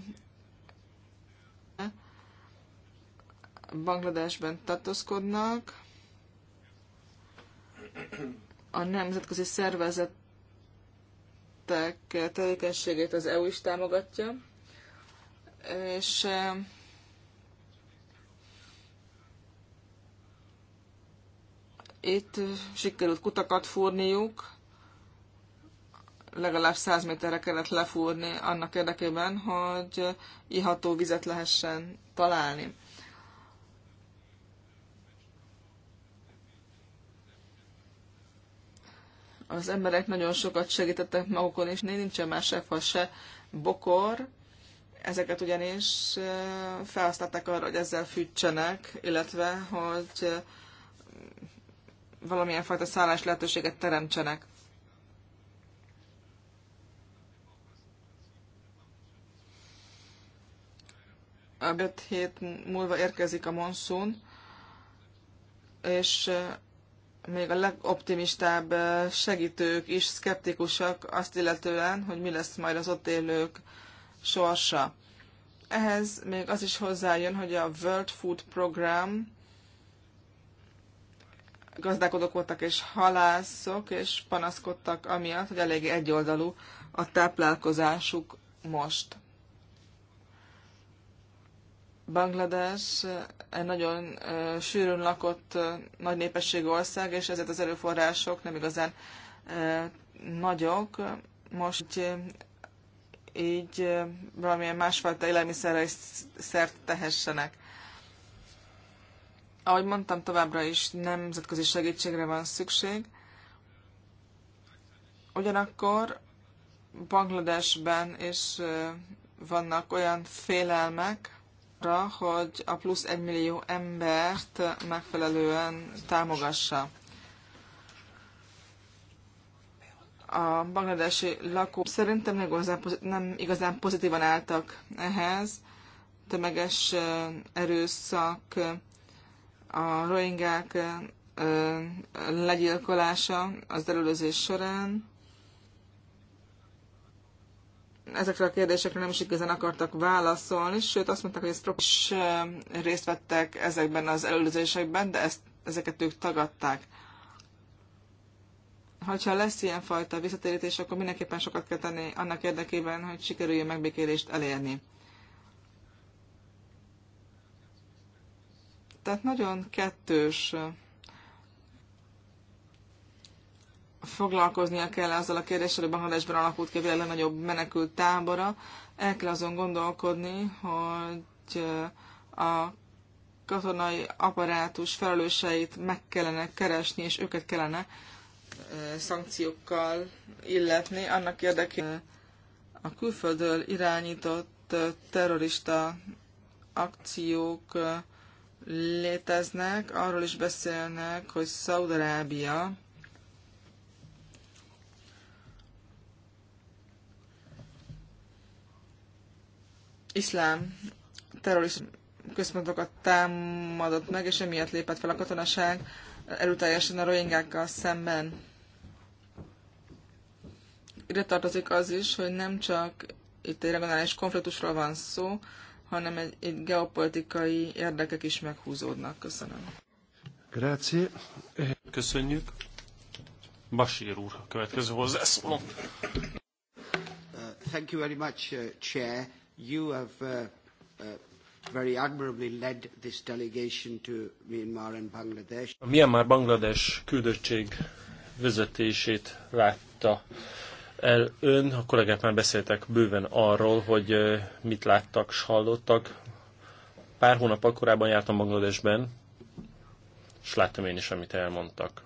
Bangladesben tartózkodnak. A nemzetközi szervezetek tevékenységét az EU is támogatja, és itt sikerült kutakat fúrniuk, legalább 100 méterre kellett lefúrni annak érdekében, hogy iható vizet lehessen találni. az emberek nagyon sokat segítettek magukon, és nincsen más se se bokor. Ezeket ugyanis felhasználták arra, hogy ezzel fűtsenek, illetve hogy valamilyen fajta szállás lehetőséget teremtsenek. A hét múlva érkezik a monszun, és még a legoptimistább segítők is szkeptikusak azt illetően, hogy mi lesz majd az ott élők sorsa. Ehhez még az is hozzájön, hogy a World Food Program gazdálkodók voltak és halászok, és panaszkodtak amiatt, hogy elég egyoldalú a táplálkozásuk most. Banglades egy nagyon sűrűn lakott, nagy népességű ország, és ezért az erőforrások nem igazán nagyok. Most így valamilyen másfajta élelmiszerre is szert tehessenek. Ahogy mondtam, továbbra is nemzetközi segítségre van szükség. Ugyanakkor Bangladesben is vannak olyan félelmek, arra, hogy a plusz egy millió embert megfelelően támogassa. A bangladesi lakók szerintem nem igazán, nem igazán pozitívan álltak ehhez. Tömeges erőszak, a rohingák legyilkolása az előzés során ezekre a kérdésekre nem is igazán akartak válaszolni, sőt azt mondták, hogy ezt is részt vettek ezekben az előzésekben, de ezt, ezeket ők tagadták. Hogyha lesz ilyenfajta visszatérítés, akkor mindenképpen sokat kell tenni annak érdekében, hogy sikerüljön megbékélést elérni. Tehát nagyon kettős foglalkoznia kell azzal a kérdéssel, hogy Bangladesben alakult ki a világ legnagyobb menekült tábora. El kell azon gondolkodni, hogy eh, a katonai apparátus felelőseit meg kellene keresni, és őket kellene eh, szankciókkal illetni, annak érdekében eh, a külföldről irányított terrorista akciók léteznek, arról is beszélnek, hogy Szaudarábia iszlám terrorista központokat támadott meg, és emiatt lépett fel a katonaság erőteljesen a rohingákkal szemben. Ide tartozik az is, hogy nem csak itt egy regionális konfliktusról van szó, hanem egy, egy geopolitikai érdekek is meghúzódnak. Köszönöm. Grazie. Köszönjük. Basír úr, a következő hozzászóló. Uh, thank you very much, uh, Chair you have uh, uh, very admirably led this delegation to Myanmar and Bangladesh. A Myanmar Bangladesh küldöttség vezetését látta el ön, a kollégák már beszéltek bőven arról, hogy uh, mit láttak s hallottak. Pár hónap korábban jártam Bangladesben, és láttam én is, amit elmondtak.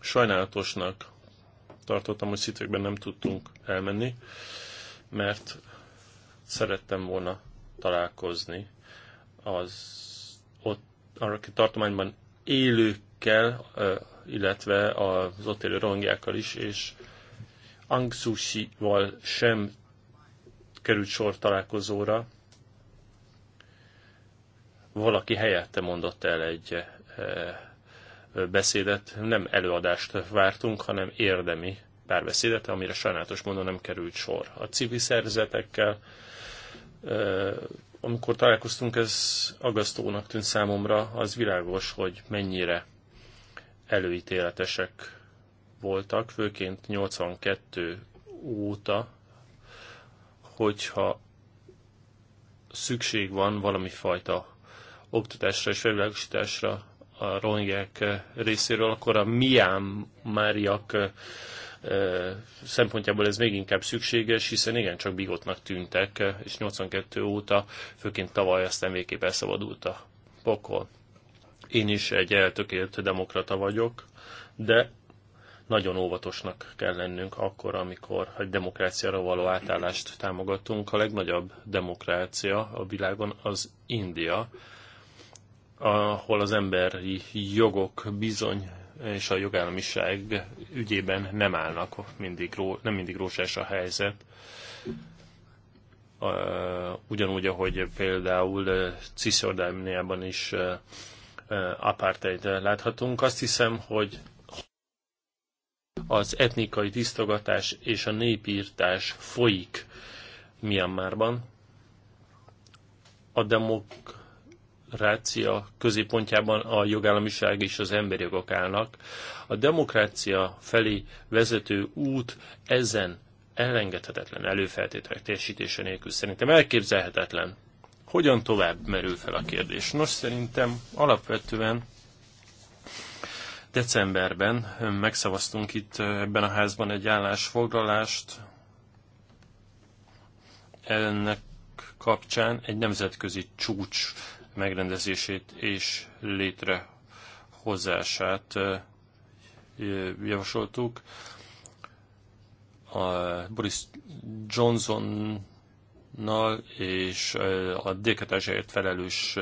Sajnálatosnak tartottam, hogy szitőkben nem tudtunk elmenni, mert szerettem volna találkozni az ott, arra tartományban élőkkel, illetve az ott élő rohingyákkal is, és Angsúsi-val sem került sor találkozóra. Valaki helyette mondott el egy beszédet, nem előadást vártunk, hanem érdemi párbeszédet, amire sajnálatos módon nem került sor. A civil szerzetekkel, amikor találkoztunk, ez agasztónak tűnt számomra, az világos, hogy mennyire előítéletesek voltak, főként 82 óta, hogyha szükség van valami fajta oktatásra és felvilágosításra a rohingyák eh, részéről, akkor a miám máriak eh, eh, szempontjából ez még inkább szükséges, hiszen igen, csak bigotnak tűntek, és 82 óta, főként tavaly aztán végképp elszabadult a pokol. Én is egy eltökélt demokrata vagyok, de nagyon óvatosnak kell lennünk akkor, amikor egy demokráciára való átállást támogatunk. A legnagyobb demokrácia a világon az India, ahol az emberi jogok bizony és a jogállamiság ügyében nem állnak mindig, nem mindig rósás a helyzet. Ugyanúgy, ahogy például eh, Cisjordániában is eh, apartheid láthatunk. Azt hiszem, hogy az etnikai tisztogatás és a népírtás folyik Myanmarban. A demokrácia demokrácia középpontjában a jogállamiság és az emberi jogok állnak. A demokrácia felé vezető út ezen elengedhetetlen előfeltételek teljesítése nélkül szerintem elképzelhetetlen. Hogyan tovább merül fel a kérdés? Nos, szerintem alapvetően decemberben megszavaztunk itt eh, ebben a házban egy állásfoglalást. Ennek kapcsán egy nemzetközi csúcs megrendezését és létrehozását javasoltuk. A Boris Johnsonnal és a Dékatázsáért felelős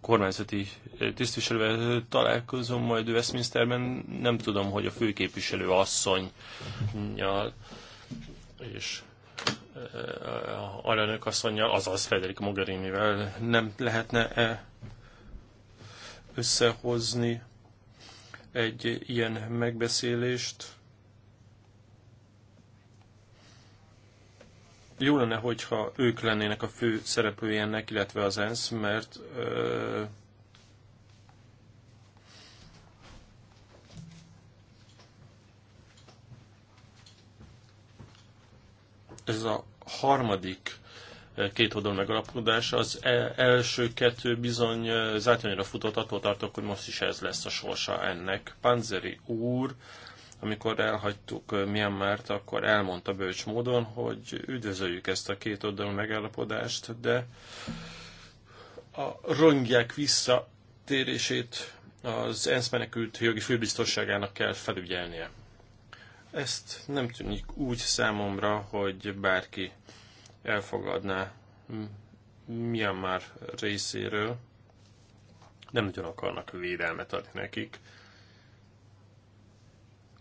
kormányzati tisztviselővel találkozom majd Westminsterben. Nem tudom, hogy a főképviselő asszonynal és alelnök asszonynal, azaz Federik Mogherinivel nem lehetne -e összehozni egy ilyen megbeszélést? Jó lenne, hogyha ők lennének a fő szereplői ennek, illetve az ENSZ, mert ö, ez a harmadik eh, két oldal megalapodás, az e, első kettő bizony eh, zátonyra futott, attól tartok, hogy most is ez lesz a sorsa ennek. Panzeri úr, amikor elhagytuk eh, Myanmart, akkor elmondta bölcs módon, hogy üdvözöljük ezt a két oldal megállapodást, de a rongják visszatérését az ENSZ menekült jogi főbiztosságának kell felügyelnie. Ezt nem tűnik úgy számomra, hogy bárki elfogadná Myanmar részéről. Nem nagyon akarnak védelmet adni nekik.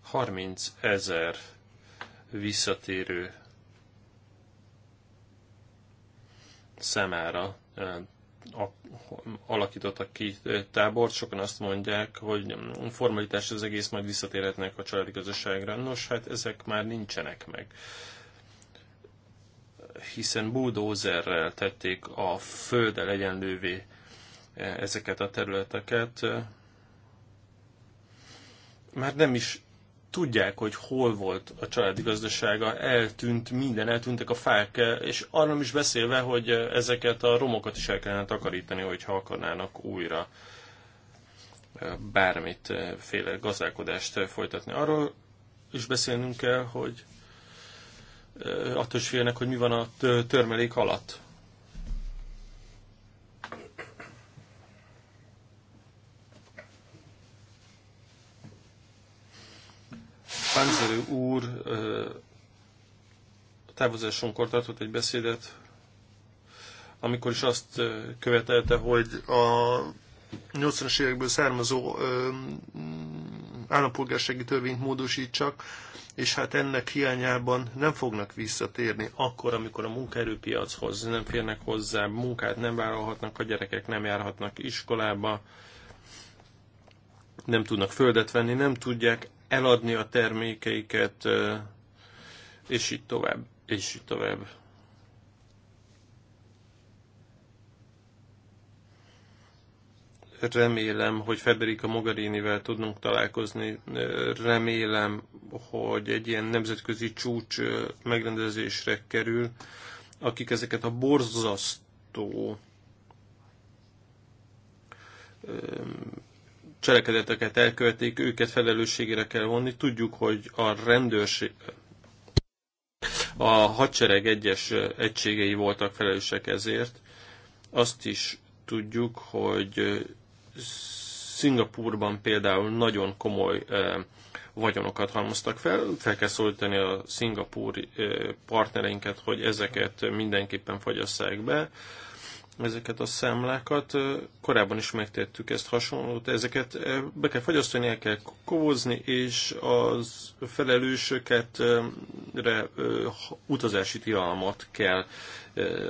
30 ezer visszatérő számára eh, a alakítottak ki tábort. Sokan azt mondják, hogy formalitás az egész, majd visszatérhetnek a családi közösségre. Nos, hát ezek már nincsenek meg hiszen bulldozerrel tették a földdel egyenlővé e, ezeket a területeket. Már nem is tudják, hogy hol volt a családi gazdasága, eltűnt minden, eltűntek a fák, és arról is beszélve, hogy ezeket a romokat is el kellene takarítani, hogyha akarnának újra bármit féle gazdálkodást folytatni. Arról is beszélnünk kell, hogy attól is félnek, hogy mi van a törmelék alatt. Panzerő úr a távozásonkkor tartott egy beszédet, amikor is azt követelte, hogy a 80-as évekből származó mm, állampolgársági törvényt módosítsak, és hát ennek hiányában nem fognak visszatérni akkor, amikor a munkaerőpiachoz nem férnek hozzá, munkát nem vállalhatnak, a gyerekek nem járhatnak iskolába, nem tudnak földet venni, nem tudják eladni a termékeiket, és így tovább, és így tovább. remélem, hogy Federica Mogherinivel tudnunk találkozni, remélem, hogy egy ilyen nemzetközi csúcs megrendezésre kerül, akik ezeket a borzasztó cselekedeteket elkövetik őket felelősségére kell vonni. Tudjuk, hogy a rendőrség, a hadsereg egyes egységei voltak felelősek ezért. Azt is tudjuk, hogy Szingapúrban például nagyon komoly vagyonokat halmoztak fel. Fel kell szólítani a szingapúri partnereinket, hogy ezeket mindenképpen fogyasszák be ezeket a számlákat. Korábban is megtettük ezt hasonlót, ezeket be kell fagyasztani, el kell kózni, és az felelősöket utazási tilalmat kell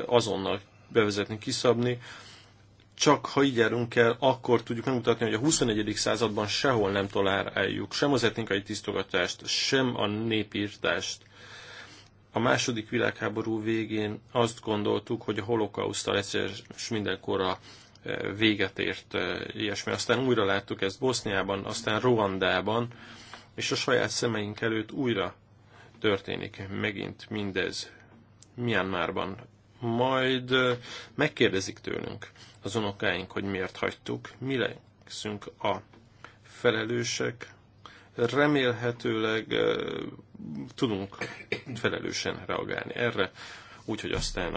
azonnal bevezetni, kiszabni. Csak ha így járunk el, akkor tudjuk megmutatni, hogy a 21. században sehol nem toláráljuk sem az etnikai tisztogatást, sem a népírtást a második világháború végén azt gondoltuk, hogy a holokausztal egyszer mindenkorra e, véget ért e, ilyesmi. Aztán újra láttuk ezt Boszniában, aztán Ruandában, és a saját szemeink előtt újra történik megint mindez Myanmarban. Majd e, megkérdezik tőlünk az unokáink, hogy miért hagytuk, mi leszünk a felelősek, remélhetőleg eh, tudunk felelősen reagálni erre, úgyhogy aztán